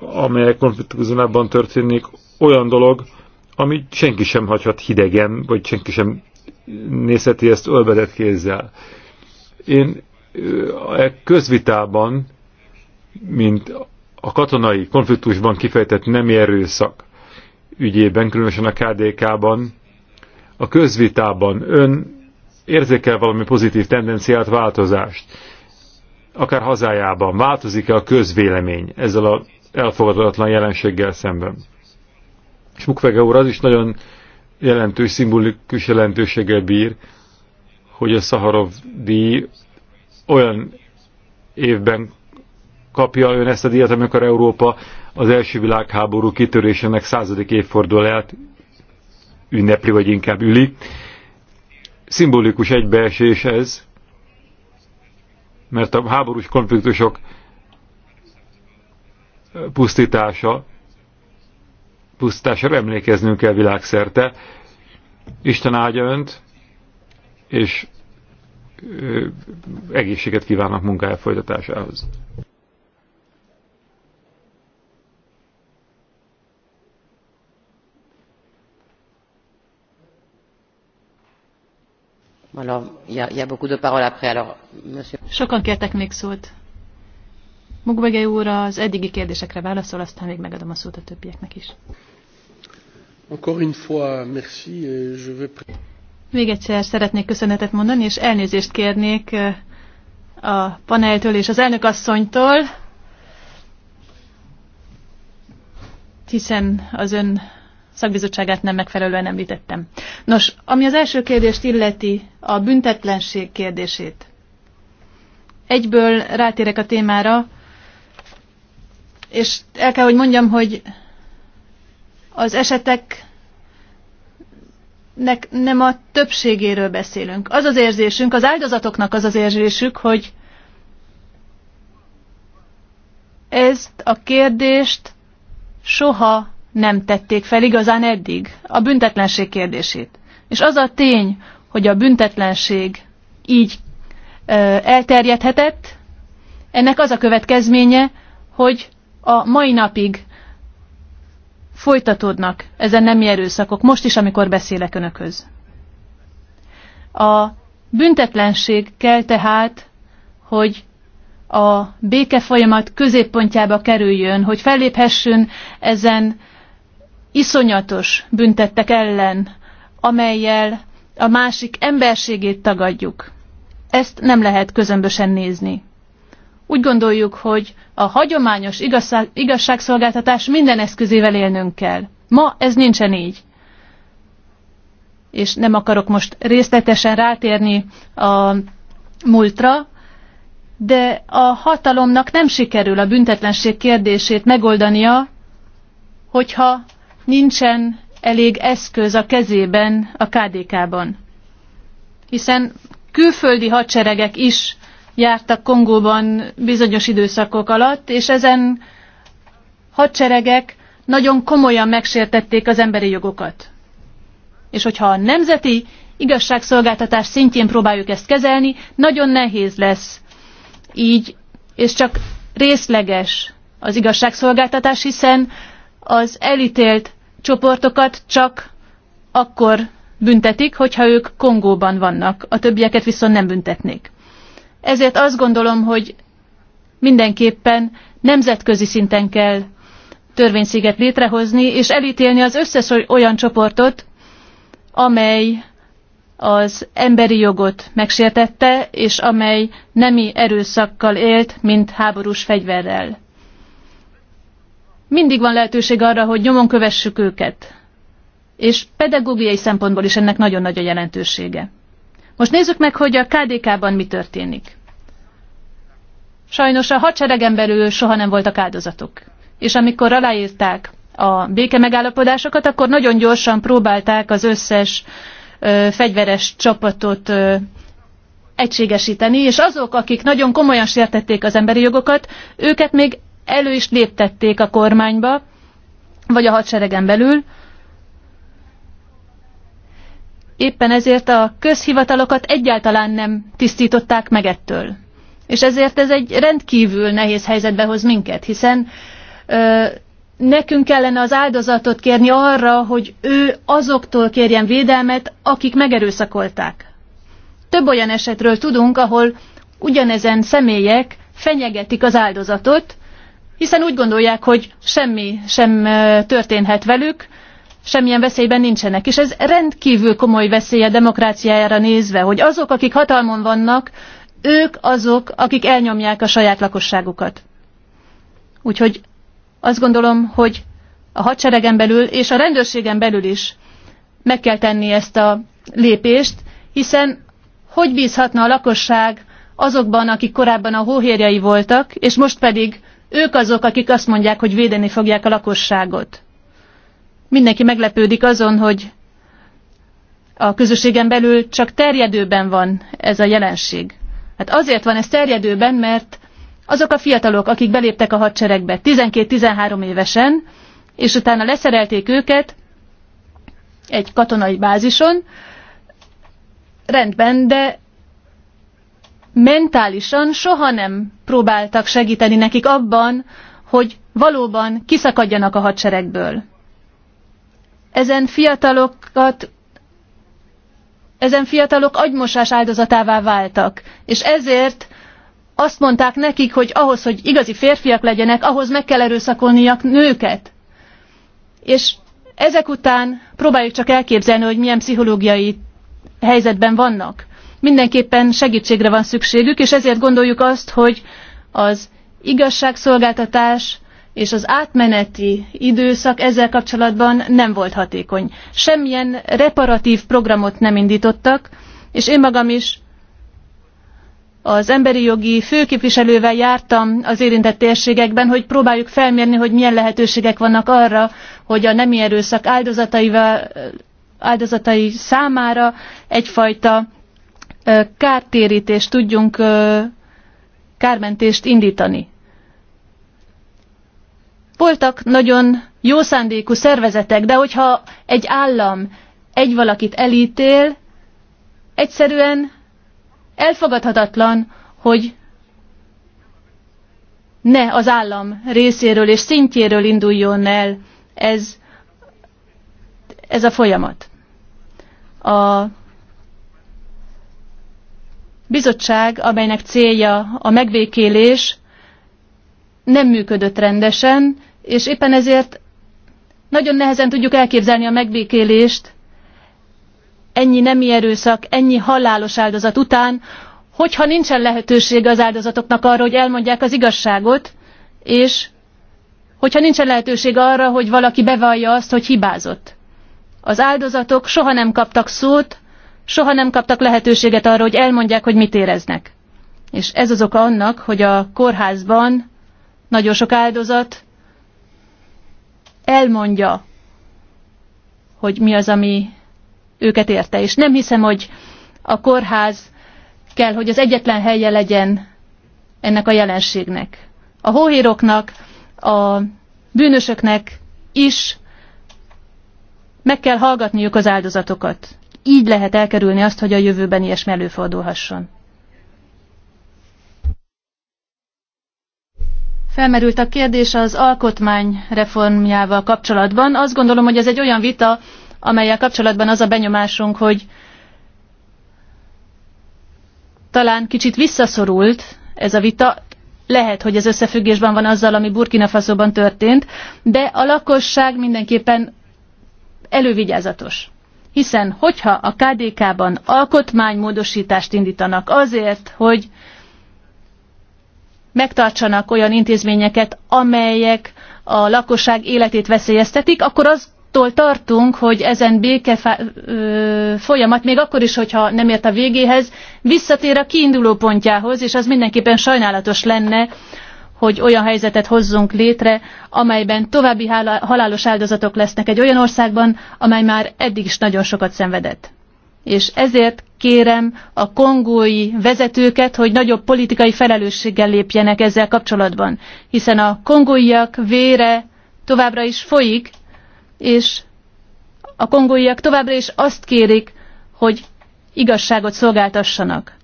amely konfliktuszonában történik, olyan dolog, amit senki sem hagyhat hidegen, vagy senki sem nézheti ezt ölbedett kézzel. Én e közvitában, mint a katonai konfliktusban kifejtett nem erőszak ügyében, különösen a KDK-ban, a közvitában ön érzékel valami pozitív tendenciát, változást akár hazájában? Változik-e a közvélemény ezzel a elfogadhatatlan jelenséggel szemben? És Mukwege úr az is nagyon jelentős, szimbolikus jelentőséggel bír, hogy a Szaharov díj olyan évben kapja ön ezt a díjat, amikor Európa az első világháború kitörésének századik évfordulóját ünnepli, vagy inkább üli. Szimbolikus egybeesés ez, mert a háborús konfliktusok pusztítása, pusztítása emlékeznünk kell világszerte. Isten áldja Önt, és egészséget kívánok munkája folytatásához. Sokan kértek még szót. Mugbege úr az eddigi kérdésekre válaszol, aztán még megadom a szót a többieknek is. Encore une fois, merci. Je Még egyszer szeretnék köszönetet mondani, és elnézést kérnék eh, a paneltől és az elnökasszonytól, hiszen az ön szakbizottságát nem megfelelően említettem. Nos, ami az első kérdést illeti, a büntetlenség kérdését. Egyből rátérek a témára, és el kell, hogy mondjam, hogy az eseteknek nem a többségéről beszélünk. Az az érzésünk, az áldozatoknak az az érzésük, hogy ezt a kérdést soha nem tették fel igazán eddig, a büntetlenség kérdését. És az a tény, hogy a büntetlenség így ö, elterjedhetett, ennek az a következménye, hogy a mai napig folytatódnak ezen nem erőszakok, most is, amikor beszélek önökhöz. A büntetlenség kell tehát, hogy a béke folyamat középpontjába kerüljön, hogy felléphessünk ezen iszonyatos büntettek ellen, amelyel a másik emberségét tagadjuk. Ezt nem lehet közömbösen nézni. Úgy gondoljuk, hogy a hagyományos igazságszolgáltatás minden eszközével élnünk kell. Ma ez nincsen így. És nem akarok most részletesen rátérni a múltra, de a hatalomnak nem sikerül a büntetlenség kérdését megoldania, hogyha nincsen elég eszköz a kezében a KDK-ban. Hiszen külföldi hadseregek is jártak Kongóban bizonyos időszakok alatt, és ezen hadseregek nagyon komolyan megsértették az emberi jogokat. És hogyha a nemzeti igazságszolgáltatás szintjén próbáljuk ezt kezelni, nagyon nehéz lesz így, és csak részleges az igazságszolgáltatás, hiszen az elítélt csoportokat csak akkor büntetik, hogyha ők Kongóban vannak, a többieket viszont nem büntetnék. Ezért azt gondolom, hogy mindenképpen nemzetközi szinten kell törvényszéget létrehozni, és elítélni az összes olyan csoportot, amely az emberi jogot megsértette, és amely nemi erőszakkal élt, mint háborús fegyverrel mindig van lehetőség arra, hogy nyomon kövessük őket. És pedagógiai szempontból is ennek nagyon nagy a jelentősége. Most nézzük meg, hogy a KDK-ban mi történik. Sajnos a hadseregen belül soha nem voltak áldozatok. És amikor aláírták a béke megállapodásokat, akkor nagyon gyorsan próbálták az összes ö, fegyveres csapatot ö, egységesíteni, és azok, akik nagyon komolyan sértették az emberi jogokat, őket még elő is léptették a kormányba, vagy a hadseregen belül. Éppen ezért a közhivatalokat egyáltalán nem tisztították meg ettől. És ezért ez egy rendkívül nehéz helyzetbe hoz minket, hiszen ö, nekünk kellene az áldozatot kérni arra, hogy ő azoktól kérjen védelmet, akik megerőszakolták. Több olyan esetről tudunk, ahol ugyanezen személyek fenyegetik az áldozatot, hiszen úgy gondolják, hogy semmi sem történhet velük, semmilyen veszélyben nincsenek. És ez rendkívül komoly veszély a demokráciájára nézve, hogy azok, akik hatalmon vannak, ők azok, akik elnyomják a saját lakosságukat. Úgyhogy azt gondolom, hogy a hadseregen belül és a rendőrségen belül is meg kell tenni ezt a lépést, hiszen hogy bízhatna a lakosság azokban, akik korábban a hóhérjai voltak, és most pedig ők azok, akik azt mondják, hogy védeni fogják a lakosságot. Mindenki meglepődik azon, hogy a közösségen belül csak terjedőben van ez a jelenség. Hát azért van ez terjedőben, mert azok a fiatalok, akik beléptek a hadseregbe 12-13 évesen, és utána leszerelték őket egy katonai bázison, rendben, de mentálisan soha nem próbáltak segíteni nekik abban, hogy valóban kiszakadjanak a hadseregből. Ezen fiatalokat ezen fiatalok agymosás áldozatává váltak, és ezért azt mondták nekik, hogy ahhoz, hogy igazi férfiak legyenek, ahhoz meg kell erőszakolniak nőket. És ezek után próbáljuk csak elképzelni, hogy milyen pszichológiai helyzetben vannak mindenképpen segítségre van szükségük, és ezért gondoljuk azt, hogy az igazságszolgáltatás és az átmeneti időszak ezzel kapcsolatban nem volt hatékony. Semmilyen reparatív programot nem indítottak, és én magam is az emberi jogi főképviselővel jártam az érintett térségekben, hogy próbáljuk felmérni, hogy milyen lehetőségek vannak arra, hogy a nemi erőszak áldozatai számára egyfajta kártérítést tudjunk, kármentést indítani. Voltak nagyon jó szándékú szervezetek, de hogyha egy állam egy valakit elítél, egyszerűen elfogadhatatlan, hogy ne az állam részéről és szintjéről induljon el ez, ez a folyamat. A bizottság, amelynek célja a megbékélés, nem működött rendesen, és éppen ezért nagyon nehezen tudjuk elképzelni a megbékélést ennyi nemi erőszak, ennyi halálos áldozat után, hogyha nincsen lehetőség az áldozatoknak arra, hogy elmondják az igazságot, és hogyha nincsen lehetőség arra, hogy valaki bevallja azt, hogy hibázott. Az áldozatok soha nem kaptak szót, soha nem kaptak lehetőséget arra, hogy elmondják, hogy mit éreznek. És ez az oka annak, hogy a kórházban nagyon sok áldozat elmondja, hogy mi az, ami őket érte. És nem hiszem, hogy a kórház kell, hogy az egyetlen helye legyen ennek a jelenségnek. A hóhíroknak, a bűnösöknek is meg kell hallgatniuk az áldozatokat. Így lehet elkerülni azt, hogy a jövőben ilyesmi előfordulhasson. Felmerült a kérdés az alkotmány reformjával kapcsolatban. Azt gondolom, hogy ez egy olyan vita, amelyel kapcsolatban az a benyomásunk, hogy talán kicsit visszaszorult ez a vita, lehet, hogy ez összefüggésben van azzal, ami Burkina Faso-ban történt, de a lakosság mindenképpen elővigyázatos hiszen hogyha a KDK-ban alkotmánymódosítást indítanak azért, hogy megtartsanak olyan intézményeket, amelyek a lakosság életét veszélyeztetik, akkor aztól tartunk, hogy ezen béke folyamat, még akkor is, hogyha nem ért a végéhez, visszatér a kiinduló pontjához, és az mindenképpen sajnálatos lenne hogy olyan helyzetet hozzunk létre, amelyben további halálos áldozatok lesznek egy olyan országban, amely már eddig is nagyon sokat szenvedett. És ezért kérem a kongói vezetőket, hogy nagyobb politikai felelősséggel lépjenek ezzel kapcsolatban, hiszen a kongóiak vére továbbra is folyik, és a kongóiak továbbra is azt kérik, hogy igazságot szolgáltassanak.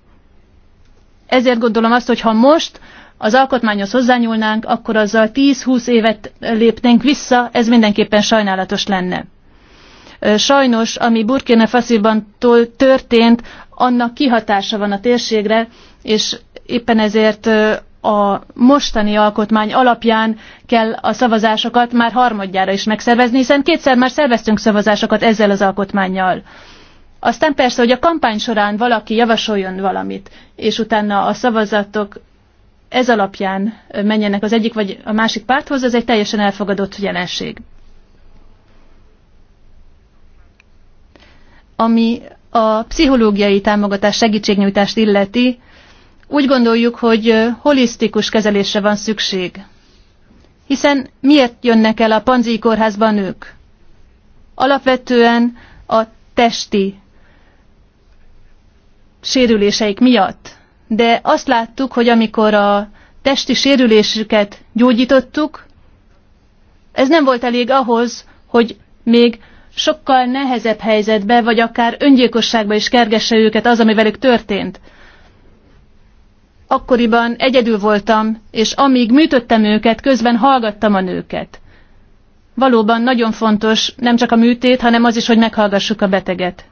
Ezért gondolom azt, hogy ha most az alkotmányhoz hozzányúlnánk, akkor azzal 10-20 évet lépnénk vissza, ez mindenképpen sajnálatos lenne. Sajnos, ami Burkina Fasziban történt, annak kihatása van a térségre, és éppen ezért a mostani alkotmány alapján kell a szavazásokat már harmadjára is megszervezni, hiszen kétszer már szerveztünk szavazásokat ezzel az alkotmányjal. Aztán persze, hogy a kampány során valaki javasoljon valamit, és utána a szavazatok ez alapján menjenek az egyik vagy a másik párthoz, ez egy teljesen elfogadott jelenség. Ami a pszichológiai támogatás segítségnyújtást illeti, úgy gondoljuk, hogy holisztikus kezelésre van szükség. Hiszen miért jönnek el a panzi kórházban nők? Alapvetően a testi sérüléseik miatt de azt láttuk, hogy amikor a testi sérülésüket gyógyítottuk, ez nem volt elég ahhoz, hogy még sokkal nehezebb helyzetbe, vagy akár öngyilkosságba is kergesse őket az, ami velük történt. Akkoriban egyedül voltam, és amíg műtöttem őket, közben hallgattam a nőket. Valóban nagyon fontos nem csak a műtét, hanem az is, hogy meghallgassuk a beteget.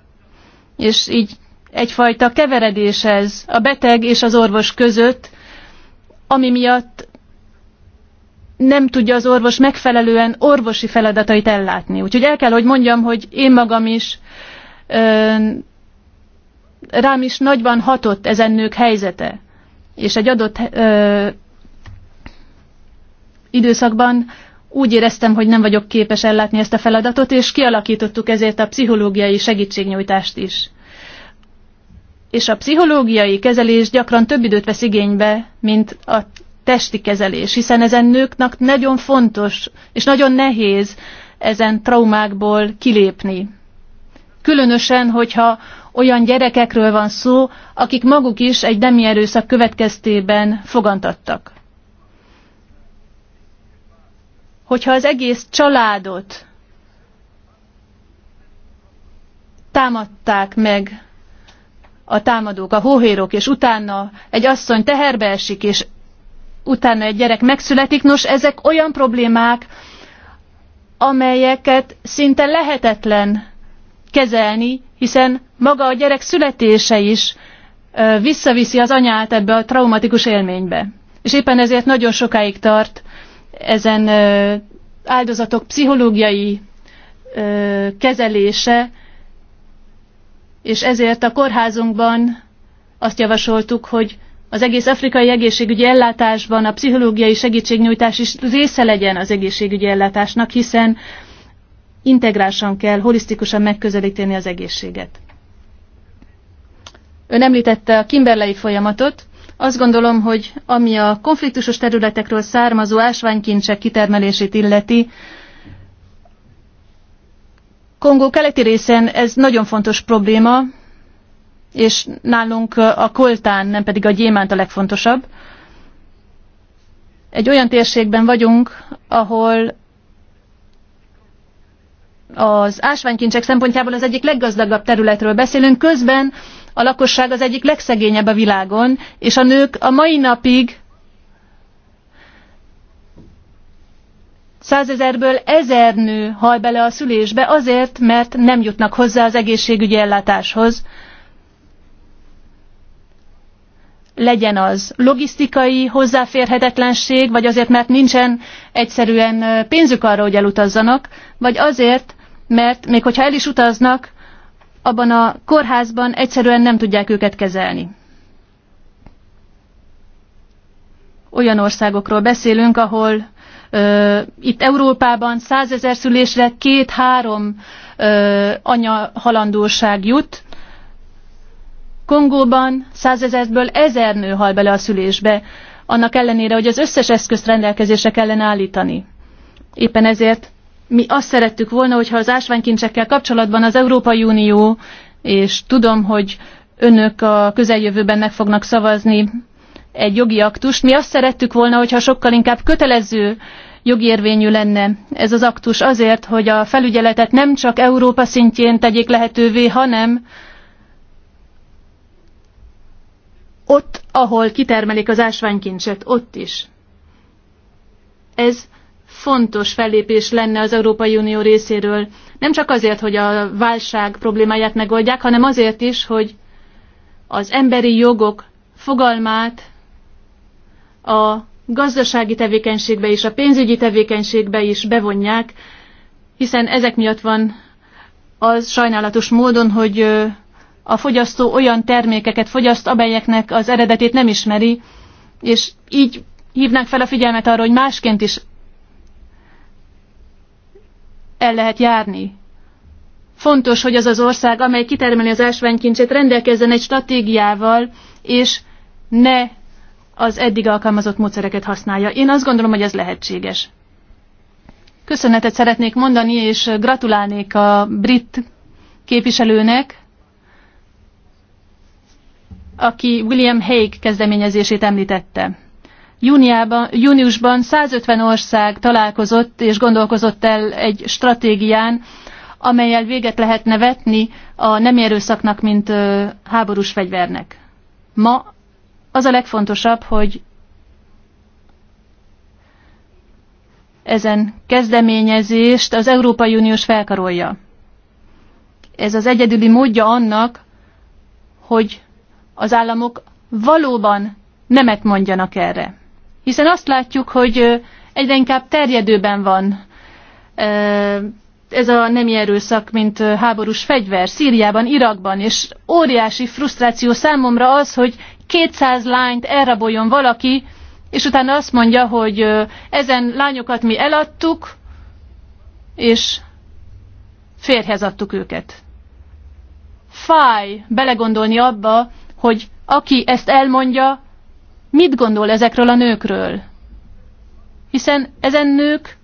És így egyfajta keveredés ez a beteg és az orvos között, ami miatt nem tudja az orvos megfelelően orvosi feladatait ellátni. Úgyhogy el kell, hogy mondjam, hogy én magam is rám is nagyban hatott ezen nők helyzete. És egy adott ö, időszakban úgy éreztem, hogy nem vagyok képes ellátni ezt a feladatot, és kialakítottuk ezért a pszichológiai segítségnyújtást is és a pszichológiai kezelés gyakran több időt vesz igénybe, mint a testi kezelés, hiszen ezen nőknek nagyon fontos és nagyon nehéz ezen traumákból kilépni. Különösen, hogyha olyan gyerekekről van szó, akik maguk is egy nemi erőszak következtében fogantattak. Hogyha az egész családot támadták meg a támadók, a hóhérok, és utána egy asszony teherbe esik, és utána egy gyerek megszületik. Nos, ezek olyan problémák, amelyeket szinte lehetetlen kezelni, hiszen maga a gyerek születése is visszaviszi az anyát ebbe a traumatikus élménybe. És éppen ezért nagyon sokáig tart ezen áldozatok pszichológiai kezelése, és ezért a kórházunkban azt javasoltuk, hogy az egész afrikai egészségügyi ellátásban a pszichológiai segítségnyújtás is része legyen az egészségügyi ellátásnak, hiszen integrálisan kell, holisztikusan megközelíteni az egészséget. Ön említette a kimberlei folyamatot. Azt gondolom, hogy ami a konfliktusos területekről származó ásványkincsek kitermelését illeti, Kongó keleti részén ez nagyon fontos probléma, és nálunk a koltán, nem pedig a gyémánt a legfontosabb. Egy olyan térségben vagyunk, ahol az ásványkincsek szempontjából az egyik leggazdagabb területről beszélünk, közben a lakosság az egyik legszegényebb a világon, és a nők a mai napig százezerből ezer nő hal bele a szülésbe azért, mert nem jutnak hozzá az egészségügyi ellátáshoz. Legyen az logisztikai hozzáférhetetlenség, vagy azért, mert nincsen egyszerűen pénzük arra, hogy elutazzanak, vagy azért, mert még hogyha el is utaznak, abban a kórházban egyszerűen nem tudják őket kezelni. Olyan országokról beszélünk, ahol itt Európában százezer szülésre két-három anya halandóság jut, Kongóban százezerből ezer nő hal bele a szülésbe, annak ellenére, hogy az összes eszközt rendelkezése kellene állítani. Éppen ezért mi azt szerettük volna, hogyha az ásványkincsekkel kapcsolatban az Európai Unió, és tudom, hogy önök a közeljövőben meg fognak szavazni egy jogi aktust. Mi azt szerettük volna, hogyha sokkal inkább kötelező jogérvényű lenne ez az aktus azért, hogy a felügyeletet nem csak Európa szintjén tegyék lehetővé, hanem ott, ahol kitermelik az ásványkincset, ott is. Ez fontos fellépés lenne az Európai Unió részéről, nem csak azért, hogy a válság problémáját megoldják, hanem azért is, hogy az emberi jogok fogalmát a gazdasági tevékenységbe és a pénzügyi tevékenységbe is bevonják, hiszen ezek miatt van az sajnálatos módon, hogy a fogyasztó olyan termékeket fogyaszt, amelyeknek az eredetét nem ismeri, és így hívnák fel a figyelmet arra, hogy másként is el lehet járni. Fontos, hogy az az ország, amely kitermeli az ásványkincset, rendelkezzen egy stratégiával, és ne az eddig alkalmazott módszereket használja. Én azt gondolom, hogy ez lehetséges. Köszönetet szeretnék mondani, és gratulálnék a brit képviselőnek, aki William Hague kezdeményezését említette. Júniában, júniusban 150 ország találkozott és gondolkozott el egy stratégián, amelyel véget lehetne vetni a nem erőszaknak, mint háborús fegyvernek. Ma az a legfontosabb, hogy ezen kezdeményezést az Európai Uniós felkarolja. Ez az egyedüli módja annak, hogy az államok valóban nemet mondjanak erre. Hiszen azt látjuk, hogy egyre inkább terjedőben van ez a nemi erőszak, mint háborús fegyver Szíriában, Irakban, és óriási frusztráció számomra az, hogy 200 lányt elraboljon valaki, és utána azt mondja, hogy ezen lányokat mi eladtuk, és férhez adtuk őket. Fáj belegondolni abba, hogy aki ezt elmondja, mit gondol ezekről a nőkről. Hiszen ezen nők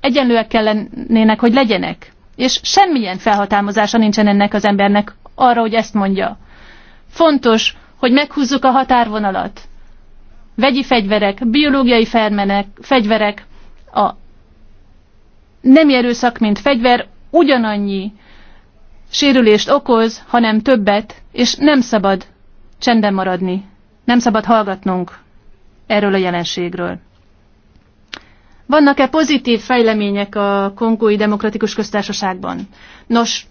egyenlőek kellenének, hogy legyenek. És semmilyen felhatalmazása nincsen ennek az embernek arra, hogy ezt mondja. Fontos, hogy meghúzzuk a határvonalat. Vegyi fegyverek, biológiai fermenek, fegyverek, a nem erőszak, mint fegyver ugyanannyi sérülést okoz, hanem többet, és nem szabad csenden maradni. Nem szabad hallgatnunk erről a jelenségről. Vannak-e pozitív fejlemények a Kongói Demokratikus Köztársaságban? Nos,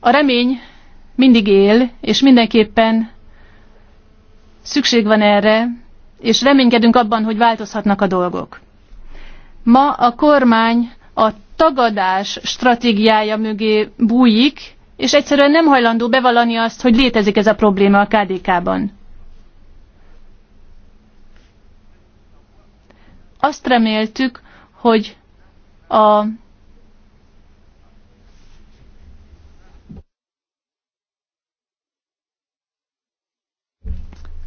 a remény mindig él, és mindenképpen szükség van erre, és reménykedünk abban, hogy változhatnak a dolgok. Ma a kormány a tagadás stratégiája mögé bújik, és egyszerűen nem hajlandó bevallani azt, hogy létezik ez a probléma a KDK-ban. Azt reméltük, hogy a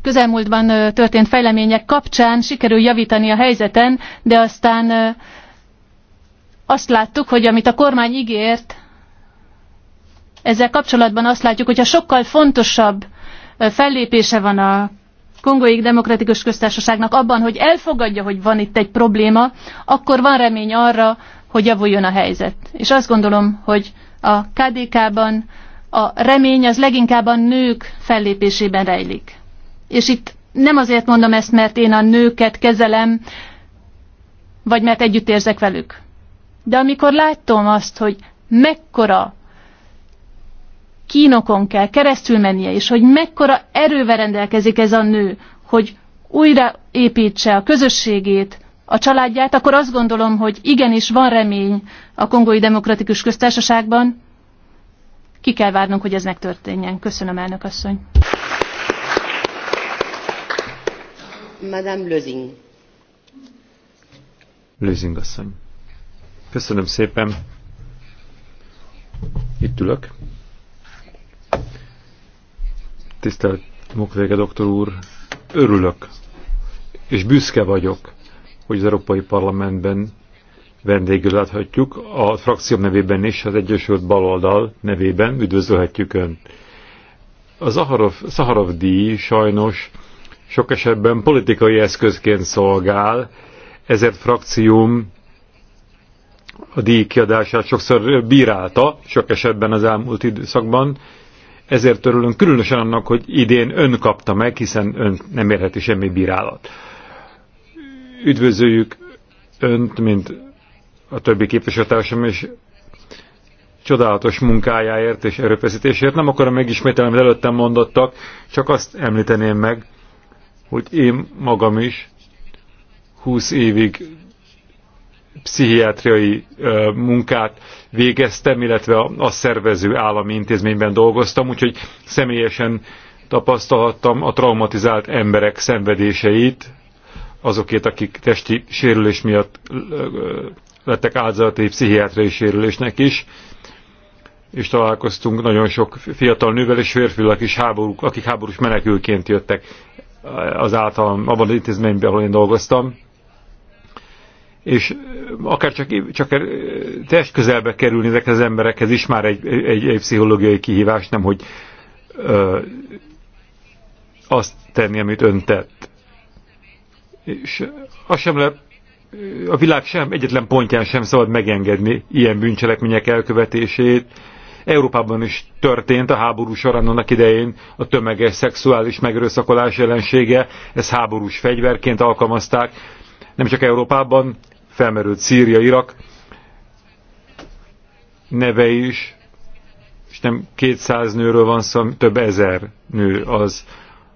közelmúltban történt fejlemények kapcsán sikerül javítani a helyzeten, de aztán azt láttuk, hogy amit a kormány ígért, ezzel kapcsolatban azt látjuk, hogy a sokkal fontosabb fellépése van a Kongói Demokratikus Köztársaságnak abban, hogy elfogadja, hogy van itt egy probléma, akkor van remény arra, hogy javuljon a helyzet. És azt gondolom, hogy a KDK-ban a remény az leginkább a nők fellépésében rejlik és itt nem azért mondom ezt, mert én a nőket kezelem, vagy mert együtt érzek velük. De amikor látom azt, hogy mekkora kínokon kell keresztül mennie, és hogy mekkora erővel rendelkezik ez a nő, hogy újra a közösségét, a családját, akkor azt gondolom, hogy igenis van remény a Kongói Demokratikus Köztársaságban. Ki kell várnunk, hogy ez megtörténjen. Köszönöm, elnök asszony. Madame Lözing. Lőzing asszony. Köszönöm szépen. Itt ülök. Tisztelt Mukvége doktor úr, örülök, és büszke vagyok, hogy az Európai Parlamentben vendégül láthatjuk, a frakció nevében is, az Egyesült Baloldal nevében üdvözölhetjük Önt. A Zaharov, Szaharov díj sajnos sok esetben politikai eszközként szolgál, ezért frakcióm a díj kiadását sokszor bírálta, sok esetben az elmúlt időszakban, ezért örülünk különösen annak, hogy idén ön kapta meg, hiszen ön nem érheti semmi bírálat. Üdvözöljük önt, mint a többi képviselőtársam, és csodálatos munkájáért és erőfeszítésért. Nem akarom megismételni, amit előttem mondottak, csak azt említeném meg, hogy én magam is 20 évig pszichiátriai munkát végeztem, illetve a szervező állami intézményben dolgoztam, úgyhogy személyesen tapasztalhattam a traumatizált emberek szenvedéseit, azokét, akik testi sérülés miatt lettek áldozatai pszichiátriai sérülésnek is, és találkoztunk nagyon sok fiatal nővel és férfival, akik háborús menekülként jöttek az általam abban az intézményben, ahol én dolgoztam, és akár csak, csak test közelbe kerülni ezek az emberekhez is már egy, egy, egy pszichológiai kihívás, nem hogy ö, azt tenni, amit ön tett. És az sem le, a világ sem, egyetlen pontján sem szabad megengedni ilyen bűncselekmények elkövetését, Európában is történt a háború során annak idején a tömeges szexuális megerőszakolás jelensége, ezt háborús fegyverként alkalmazták, nem csak Európában, felmerült Szíria, Irak neve is, és nem 200 nőről van szó, több ezer nő az,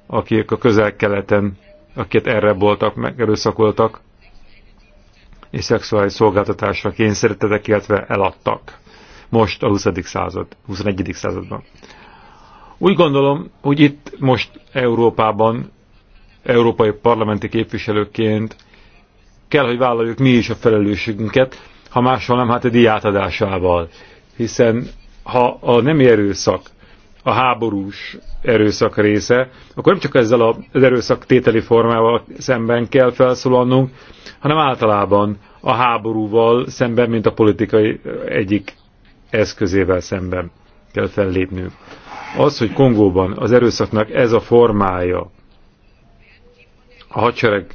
akik a közel-keleten, akiket erre voltak, meg erőszakoltak, és szexuális szolgáltatásra kényszerítettek, illetve eladtak most a 20. század, 21. században. Úgy gondolom, hogy itt most Európában, európai parlamenti képviselőként kell, hogy vállaljuk mi is a felelősségünket, ha máshol nem, hát a diátadásával. Hiszen ha a nem erőszak a háborús erőszak része, akkor nem csak ezzel az erőszak tételi formával szemben kell felszólalnunk, hanem általában a háborúval szemben, mint a politikai egyik eszközével szemben kell fellépnünk. Az, hogy Kongóban az erőszaknak ez a formája a hadsereg,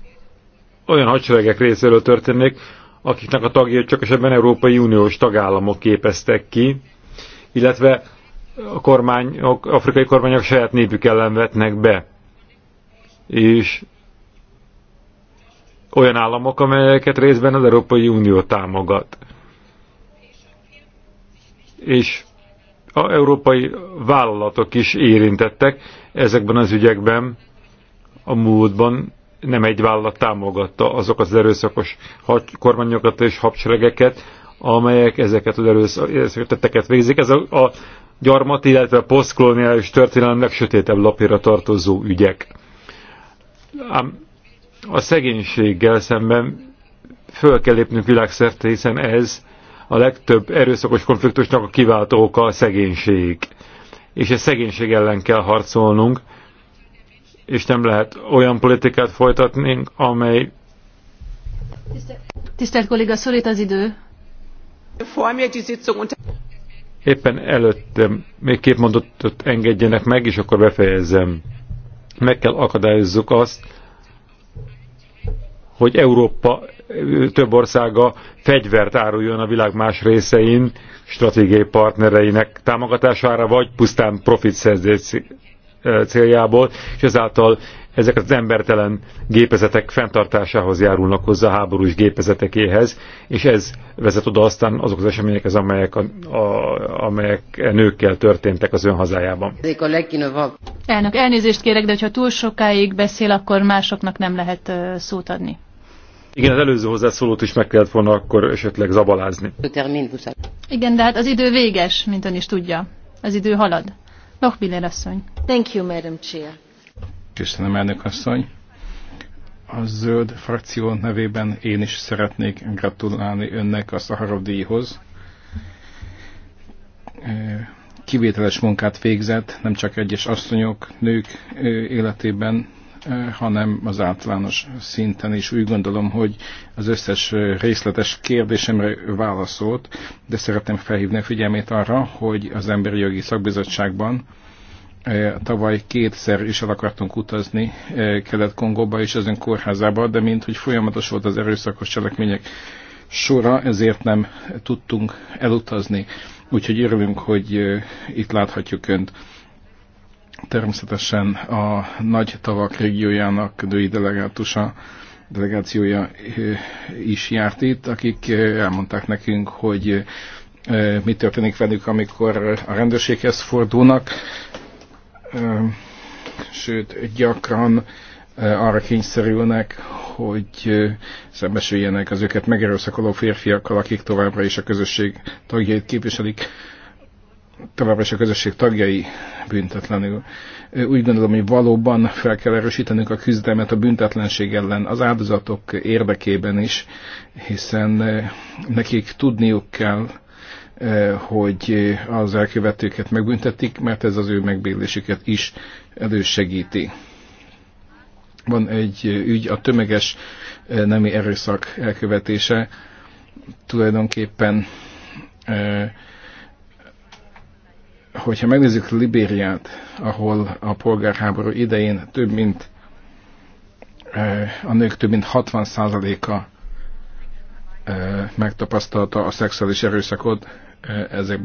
olyan hadseregek részéről történik, akiknek a tagjai csak esetben Európai Uniós tagállamok képeztek ki, illetve a kormányok, afrikai kormányok saját népük ellen vetnek be. És olyan államok, amelyeket részben az Európai Unió támogat és a európai vállalatok is érintettek ezekben az ügyekben. A múltban nem egy vállalat támogatta azokat az erőszakos kormányokat és hadseregeket, amelyek ezeket az erőszaketetteket végzik. Ez a, a gyarmati, illetve posztkoloniális történelemnek sötétebb lapira tartozó ügyek. Ám a szegénységgel szemben föl kell lépnünk világszerte, hiszen ez a legtöbb erőszakos konfliktusnak a kiváltó oka a szegénység. És a szegénység ellen kell harcolnunk, és nem lehet olyan politikát folytatni, amely... Tisztelt kolléga, szorít az idő. Éppen előttem még két mondatot engedjenek meg, és akkor befejezzem. Meg kell akadályozzuk azt, hogy Európa több országa fegyvert áruljon a világ más részein stratégiai partnereinek támogatására, vagy pusztán profit szerzés céljából, és ezáltal ezek az embertelen gépezetek fenntartásához járulnak hozzá a háborús gépezetekéhez, és ez vezet oda aztán azok az eseményekhez, amelyek, a, a, amelyek e nőkkel történtek az ön hazájában. Elnök, elnézést kérek, de ha túl sokáig beszél, akkor másoknak nem lehet szót adni. Igen, az előző hozzászólót is meg kellett volna akkor esetleg zabalázni. Igen, de hát az idő véges, mint ön is tudja. Az idő halad. Lochbiller asszony. Thank you, Madam Chair. Köszönöm, elnök asszony. A zöld frakció nevében én is szeretnék gratulálni önnek a Szaharov díjhoz. Kivételes munkát végzett, nem csak egyes asszonyok, nők életében, hanem az általános szinten is úgy gondolom, hogy az összes részletes kérdésemre válaszolt, de szeretném felhívni a figyelmét arra, hogy az Emberi Jogi Szakbizottságban tavaly kétszer is el akartunk utazni Kelet-Kongóba és az ön kórházába, de mint hogy folyamatos volt az erőszakos cselekmények sora, ezért nem tudtunk elutazni. Úgyhogy örülünk, hogy itt láthatjuk önt. Természetesen a nagy tavak régiójának női delegátusa, delegációja eh, is járt itt, akik eh, elmondták nekünk, hogy eh, mi történik velük, amikor a rendőrséghez fordulnak, ehm, sőt, gyakran arra kényszerülnek, hogy szembesüljenek az őket megerőszakoló férfiakkal, akik továbbra is a közösség tagjait képviselik továbbra is a közösség tagjai büntetlenül. Úgy gondolom, hogy valóban fel kell erősítenünk a küzdelmet a büntetlenség ellen az áldozatok érdekében is, hiszen nekik tudniuk kell, hogy az elkövetőket megbüntetik, mert ez az ő megbélésüket is elősegíti. Van egy ügy, a tömeges nemi erőszak elkövetése tulajdonképpen hogyha megnézzük Libériát, ahol a polgárháború idején több mint a nők több mint 60%-a megtapasztalta a szexuális erőszakot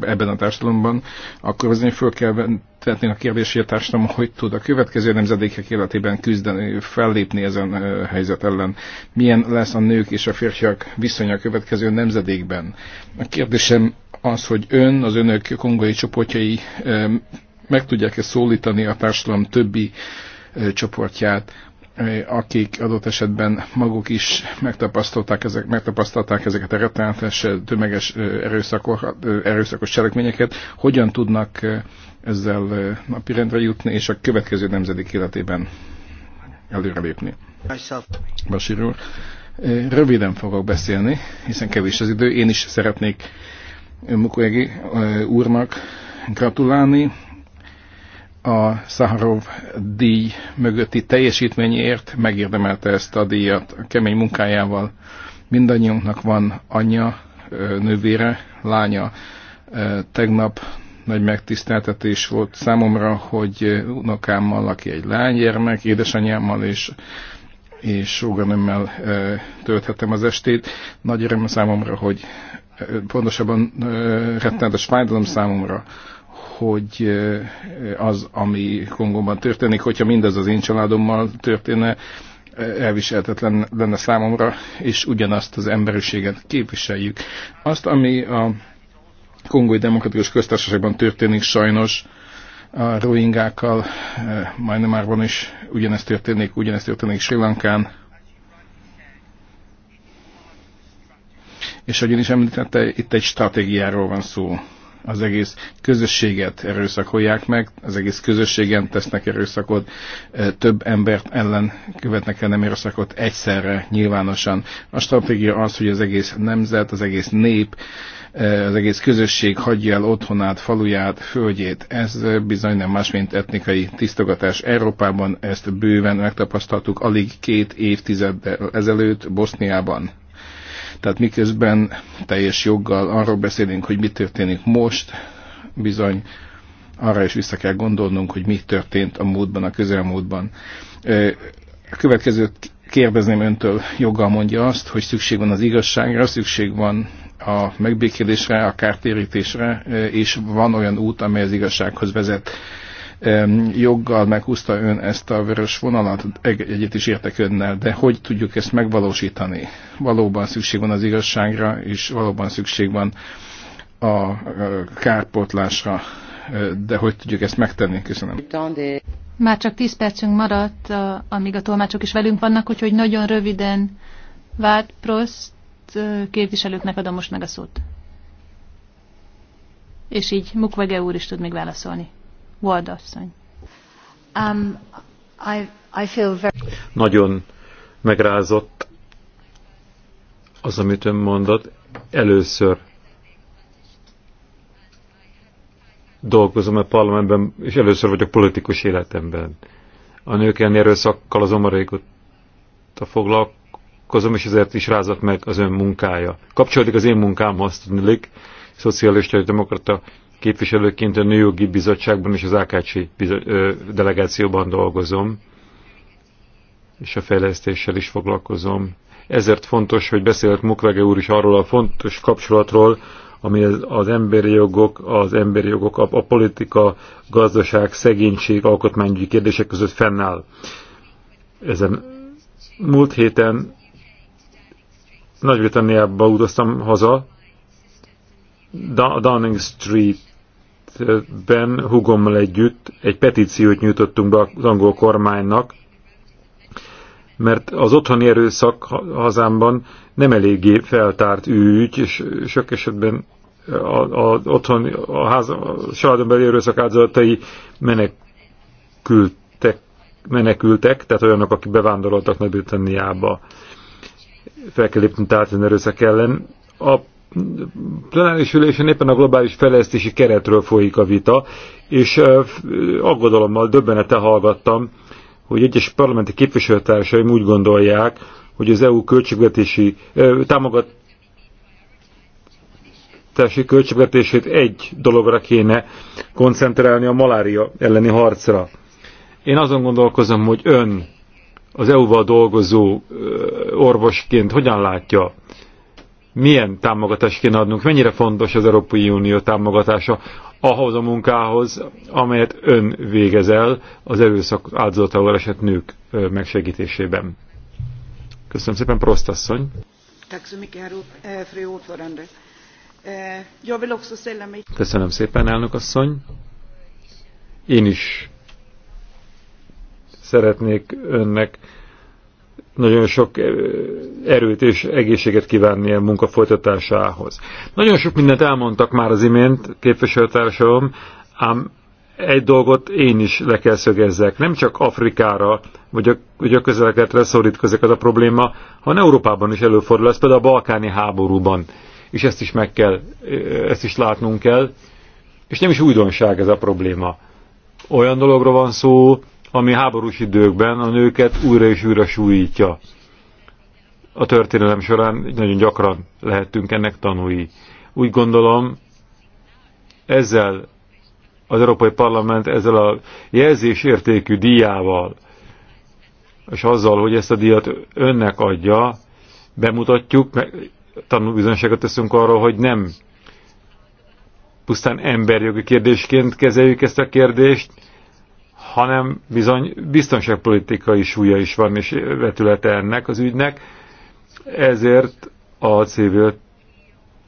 ebben a társadalomban, akkor azért föl kell tenni a kérdés, hogy a társadalom hogy tud a következő nemzedékek életében küzdeni, fellépni ezen helyzet ellen. Milyen lesz a nők és a férfiak viszonya a következő nemzedékben? A kérdésem az, hogy ön, az önök kongai csoportjai meg tudják-e szólítani a társadalom többi csoportját, akik adott esetben maguk is megtapasztalták, ezek, megtapasztalták ezeket a rettenetes tömeges erőszakos, cselekményeket, hogyan tudnak ezzel napirendre jutni, és a következő nemzedik életében előrelépni. Basir úr, röviden fogok beszélni, hiszen kevés az idő, én is szeretnék Mukwege úrnak gratulálni a Szaharov díj mögötti teljesítményért, megérdemelte ezt a díjat a kemény munkájával. Mindannyiunknak van anyja, nővére, lánya. Tegnap nagy megtiszteltetés volt számomra, hogy unokámmal, aki egy lánygyermek, édesanyámmal és és sóganőmmel tölthetem az estét. Nagy öröm számomra, hogy pontosabban rettenetes fájdalom számomra, hogy az, ami Kongóban történik, hogyha mindez az én családommal történne, elviselhetetlen lenne számomra, és ugyanazt az emberiséget képviseljük. Azt, ami a Kongói Demokratikus Köztársaságban történik sajnos, a rohingákkal, majdnem van is ugyanezt történik, ugyanezt történik Sri Lankán, És ahogy én is említette, itt egy stratégiáról van szó. Az egész közösséget erőszakolják meg, az egész közösségen tesznek erőszakot, több embert ellen követnek el nem erőszakot egyszerre, nyilvánosan. A stratégia az, hogy az egész nemzet, az egész nép, az egész közösség hagyja el otthonát, faluját, földjét. Ez bizony nem más, mint etnikai tisztogatás. Európában ezt bőven megtapasztaltuk alig két évtizeddel ezelőtt Boszniában, tehát miközben teljes joggal arról beszélünk, hogy mi történik most, bizony arra is vissza kell gondolnunk, hogy mi történt a múltban, a közelmúltban. A következőt kérdezném öntől, joggal mondja azt, hogy szükség van az igazságra, szükség van a megbékélésre, a kártérítésre, és van olyan út, amely az igazsághoz vezet joggal meghúzta ön ezt a vörös vonalat, egyet is értek önnel, de hogy tudjuk ezt megvalósítani? Valóban szükség van az igazságra, és valóban szükség van a kárpótlásra, de hogy tudjuk ezt megtenni? Köszönöm. Már csak 10 percünk maradt, amíg a tolmácsok is velünk vannak, úgyhogy nagyon röviden vált proszt képviselőknek adom most meg a szót. És így Mukwege úr is tud még válaszolni. Ward asszony. Um, I, I feel very... Nagyon megrázott az, amit ön mondott. Először dolgozom a parlamentben, és először vagyok politikus életemben. A nők elleni erőszakkal omarékot, a foglalkozom, és ezért is rázott meg az ön munkája. Kapcsolódik az én munkámhoz, tudnilik, szocialista és demokrata képviselőként a Nőjogi Bizottságban és az Ákácsi delegációban dolgozom, és a fejlesztéssel is foglalkozom. Ezért fontos, hogy beszélt Mukwege úr is arról a fontos kapcsolatról, ami az emberi jogok, az emberi jogok, a, a politika, gazdaság, szegénység, alkotmányügyi kérdések között fennáll. Ezen múlt héten Nagy-Britanniába utaztam haza, Downing Street-ben hugommal együtt egy petíciót nyújtottunk be az angol kormánynak, mert az otthoni erőszak hazámban nem eléggé feltárt ügy, és sok esetben a, a, otthon, a, ház, a családon belül erőszak áldozatai menekültek, menekültek, tehát olyanok, akik bevándoroltak Nagy-Britanniába. Fel kell lépni tárgyan erőszak ellen. A plenáris ülésen éppen a globális fejlesztési keretről folyik a vita, és aggodalommal döbbenete hallgattam, hogy egyes parlamenti képviselőtársaim úgy gondolják, hogy az EU költségvetési támogat támogatási költségvetését egy dologra kéne koncentrálni a malária elleni harcra. Én azon gondolkozom, hogy ön az EU-val dolgozó orvosként hogyan látja milyen támogatást kéne adnunk, mennyire fontos az Európai Unió támogatása ahhoz a munkához, amelyet ön végezel az erőszak áldozatával esett nők megsegítésében. Köszönöm szépen, Prostasszony. Eh, eh, Köszönöm szépen, elnök asszony. Én is szeretnék önnek nagyon sok erőt és egészséget kívánni a munka folytatásához. Nagyon sok mindent elmondtak már az imént képviselőtársam, ám egy dolgot én is le kell szögezzek. Nem csak Afrikára, vagy a, vagy a közeleketre szorítkozik az a probléma, hanem Európában is előfordul, ez például a balkáni háborúban. És ezt is meg kell, ezt is látnunk kell. És nem is újdonság ez a probléma. Olyan dologról van szó, ami háborús időkben a nőket újra és újra súlyítja. A történelem során nagyon gyakran lehettünk ennek tanúi. Úgy gondolom, ezzel az Európai Parlament ezzel a jelzésértékű díjával, és azzal, hogy ezt a díjat önnek adja, bemutatjuk, meg tanulbizonyságot teszünk arról, hogy nem pusztán emberjogi kérdésként kezeljük ezt a kérdést, hanem bizony biztonságpolitikai súlya is van, és vetülete ennek az ügynek. Ezért a civil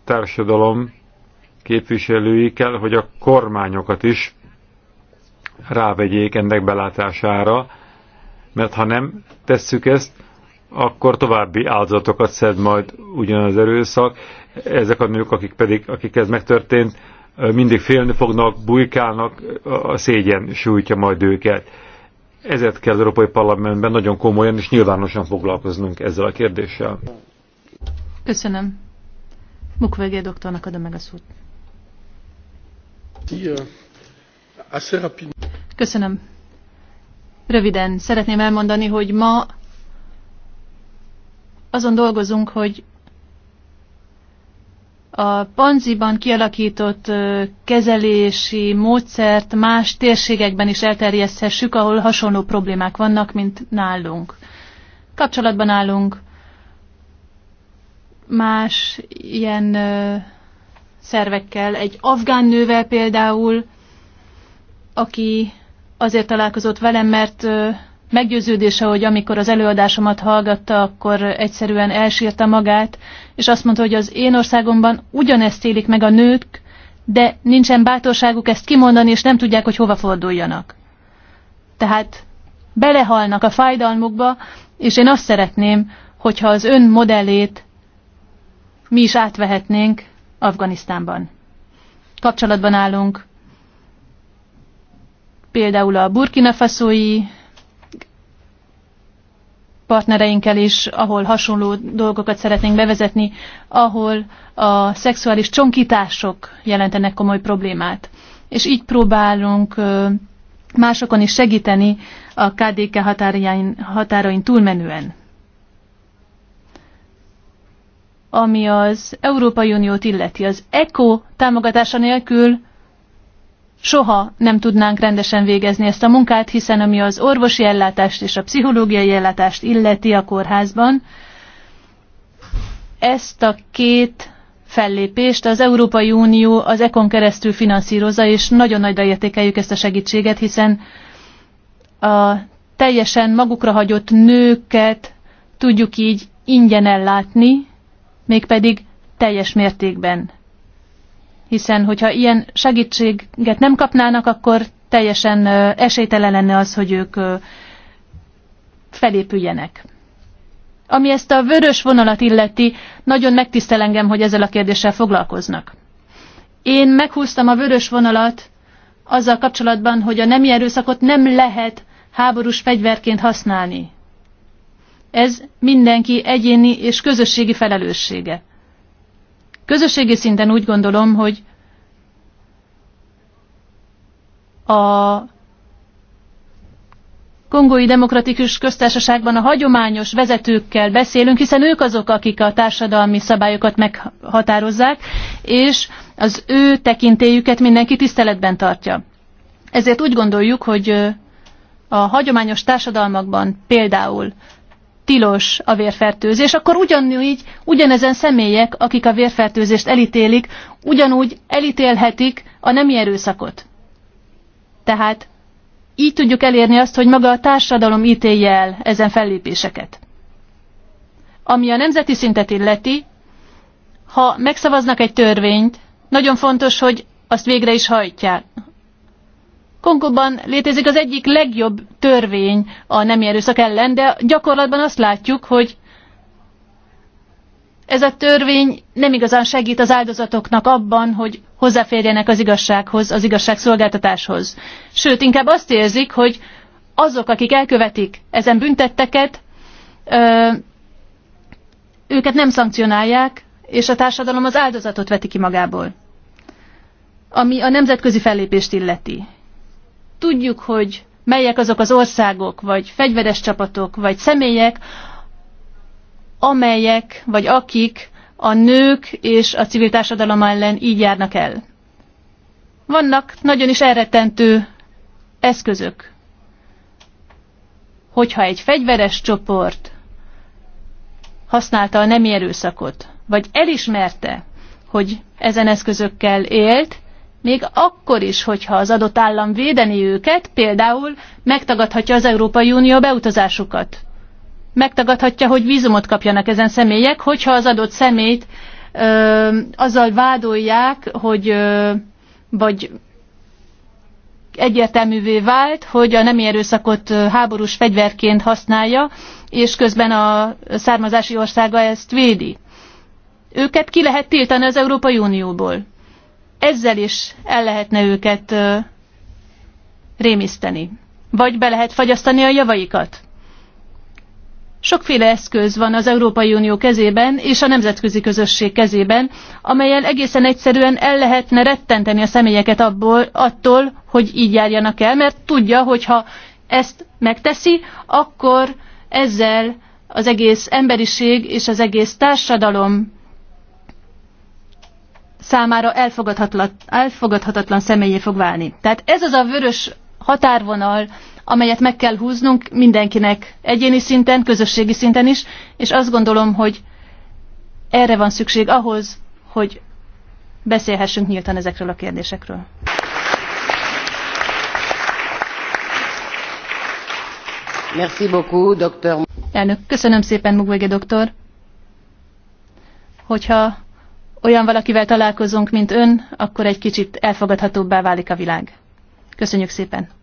társadalom képviselői kell, hogy a kormányokat is rávegyék ennek belátására, mert ha nem tesszük ezt, akkor további áldozatokat szed majd ugyanaz erőszak. Ezek a nők, akik pedig, akik ez megtörtént, mindig félni fognak, bujkálnak, a szégyen sújtja majd őket. Ezért kell az Európai Parlamentben nagyon komolyan és nyilvánosan foglalkoznunk ezzel a kérdéssel. Köszönöm. Mukwege doktornak adom meg a szót. Köszönöm. Röviden szeretném elmondani, hogy ma azon dolgozunk, hogy a Panziban kialakított kezelési módszert más térségekben is elterjeszthessük, ahol hasonló problémák vannak, mint nálunk. Kapcsolatban állunk más ilyen szervekkel, egy afgán nővel például, aki azért találkozott velem, mert meggyőződése, hogy amikor az előadásomat hallgatta, akkor egyszerűen elsírta magát, és azt mondta, hogy az én országomban ugyanezt élik meg a nők, de nincsen bátorságuk ezt kimondani, és nem tudják, hogy hova forduljanak. Tehát belehalnak a fájdalmukba, és én azt szeretném, hogyha az ön modellét mi is átvehetnénk Afganisztánban. Kapcsolatban állunk például a burkinafaszói partnereinkkel is, ahol hasonló dolgokat szeretnénk bevezetni, ahol a szexuális csonkítások jelentenek komoly problémát. És így próbálunk másokon is segíteni a KDK határain, határain túlmenően. Ami az Európai Uniót illeti, az ECO támogatása nélkül soha nem tudnánk rendesen végezni ezt a munkát, hiszen ami az orvosi ellátást és a pszichológiai ellátást illeti a kórházban, ezt a két fellépést az Európai Unió az ECON keresztül finanszírozza, és nagyon nagyra értékeljük ezt a segítséget, hiszen a teljesen magukra hagyott nőket tudjuk így ingyen ellátni, mégpedig teljes mértékben hiszen hogyha ilyen segítséget nem kapnának, akkor teljesen esélytelen lenne az, hogy ők felépüljenek. Ami ezt a vörös vonalat illeti, nagyon megtisztel engem, hogy ezzel a kérdéssel foglalkoznak. Én meghúztam a vörös vonalat azzal kapcsolatban, hogy a nemi erőszakot nem lehet háborús fegyverként használni. Ez mindenki egyéni és közösségi felelőssége. Közösségi szinten úgy gondolom, hogy a kongói demokratikus köztársaságban a hagyományos vezetőkkel beszélünk, hiszen ők azok, akik a társadalmi szabályokat meghatározzák, és az ő tekintélyüket mindenki tiszteletben tartja. Ezért úgy gondoljuk, hogy a hagyományos társadalmakban például tilos a vérfertőzés, akkor ugyanúgy ugyanezen személyek, akik a vérfertőzést elítélik, ugyanúgy elítélhetik a nemi erőszakot. Tehát így tudjuk elérni azt, hogy maga a társadalom ítélje el ezen fellépéseket. Ami a nemzeti szintet illeti, ha megszavaznak egy törvényt, nagyon fontos, hogy azt végre is hajtják, Kongóban létezik az egyik legjobb törvény a nemi erőszak ellen, de gyakorlatban azt látjuk, hogy ez a törvény nem igazán segít az áldozatoknak abban, hogy hozzáférjenek az igazsághoz, az igazságszolgáltatáshoz. Sőt, inkább azt érzik, hogy azok, akik elkövetik ezen büntetteket, ö, őket nem szankcionálják, és a társadalom az áldozatot veti ki magából. Ami a nemzetközi fellépést illeti tudjuk, hogy melyek azok az országok, vagy fegyveres csapatok, vagy személyek, amelyek, vagy akik a nők és a civil társadalom ellen így járnak el. Vannak nagyon is elrettentő eszközök. Hogyha egy fegyveres csoport használta a nemi erőszakot, vagy elismerte, hogy ezen eszközökkel élt, még akkor is, hogyha az adott állam védeni őket, például megtagadhatja az Európai Unió beutazásukat. Megtagadhatja, hogy vízumot kapjanak ezen személyek, hogyha az adott személyt ö, azzal vádolják, hogy ö, vagy egyértelművé vált, hogy a nemi erőszakot háborús fegyverként használja, és közben a származási országa ezt védi. Őket ki lehet tiltani az Európai Unióból ezzel is el lehetne őket rémiszteni. Vagy be lehet fagyasztani a javaikat. Sokféle eszköz van az Európai Unió kezében és a nemzetközi közösség kezében, amelyel egészen egyszerűen el lehetne rettenteni a személyeket abból, attól, hogy így járjanak el, mert tudja, hogy ha ezt megteszi, akkor ezzel az egész emberiség és az egész társadalom számára elfogadhatatlan, elfogadhatatlan személyé fog válni. Tehát ez az a vörös határvonal, amelyet meg kell húznunk mindenkinek egyéni szinten, közösségi szinten is, és azt gondolom, hogy erre van szükség ahhoz, hogy beszélhessünk nyíltan ezekről a kérdésekről. Merci beaucoup, doktor. Elnök, köszönöm szépen, Mugwege doktor. Hogyha olyan valakivel találkozunk, mint ön, akkor egy kicsit elfogadhatóbbá válik a világ. Köszönjük szépen!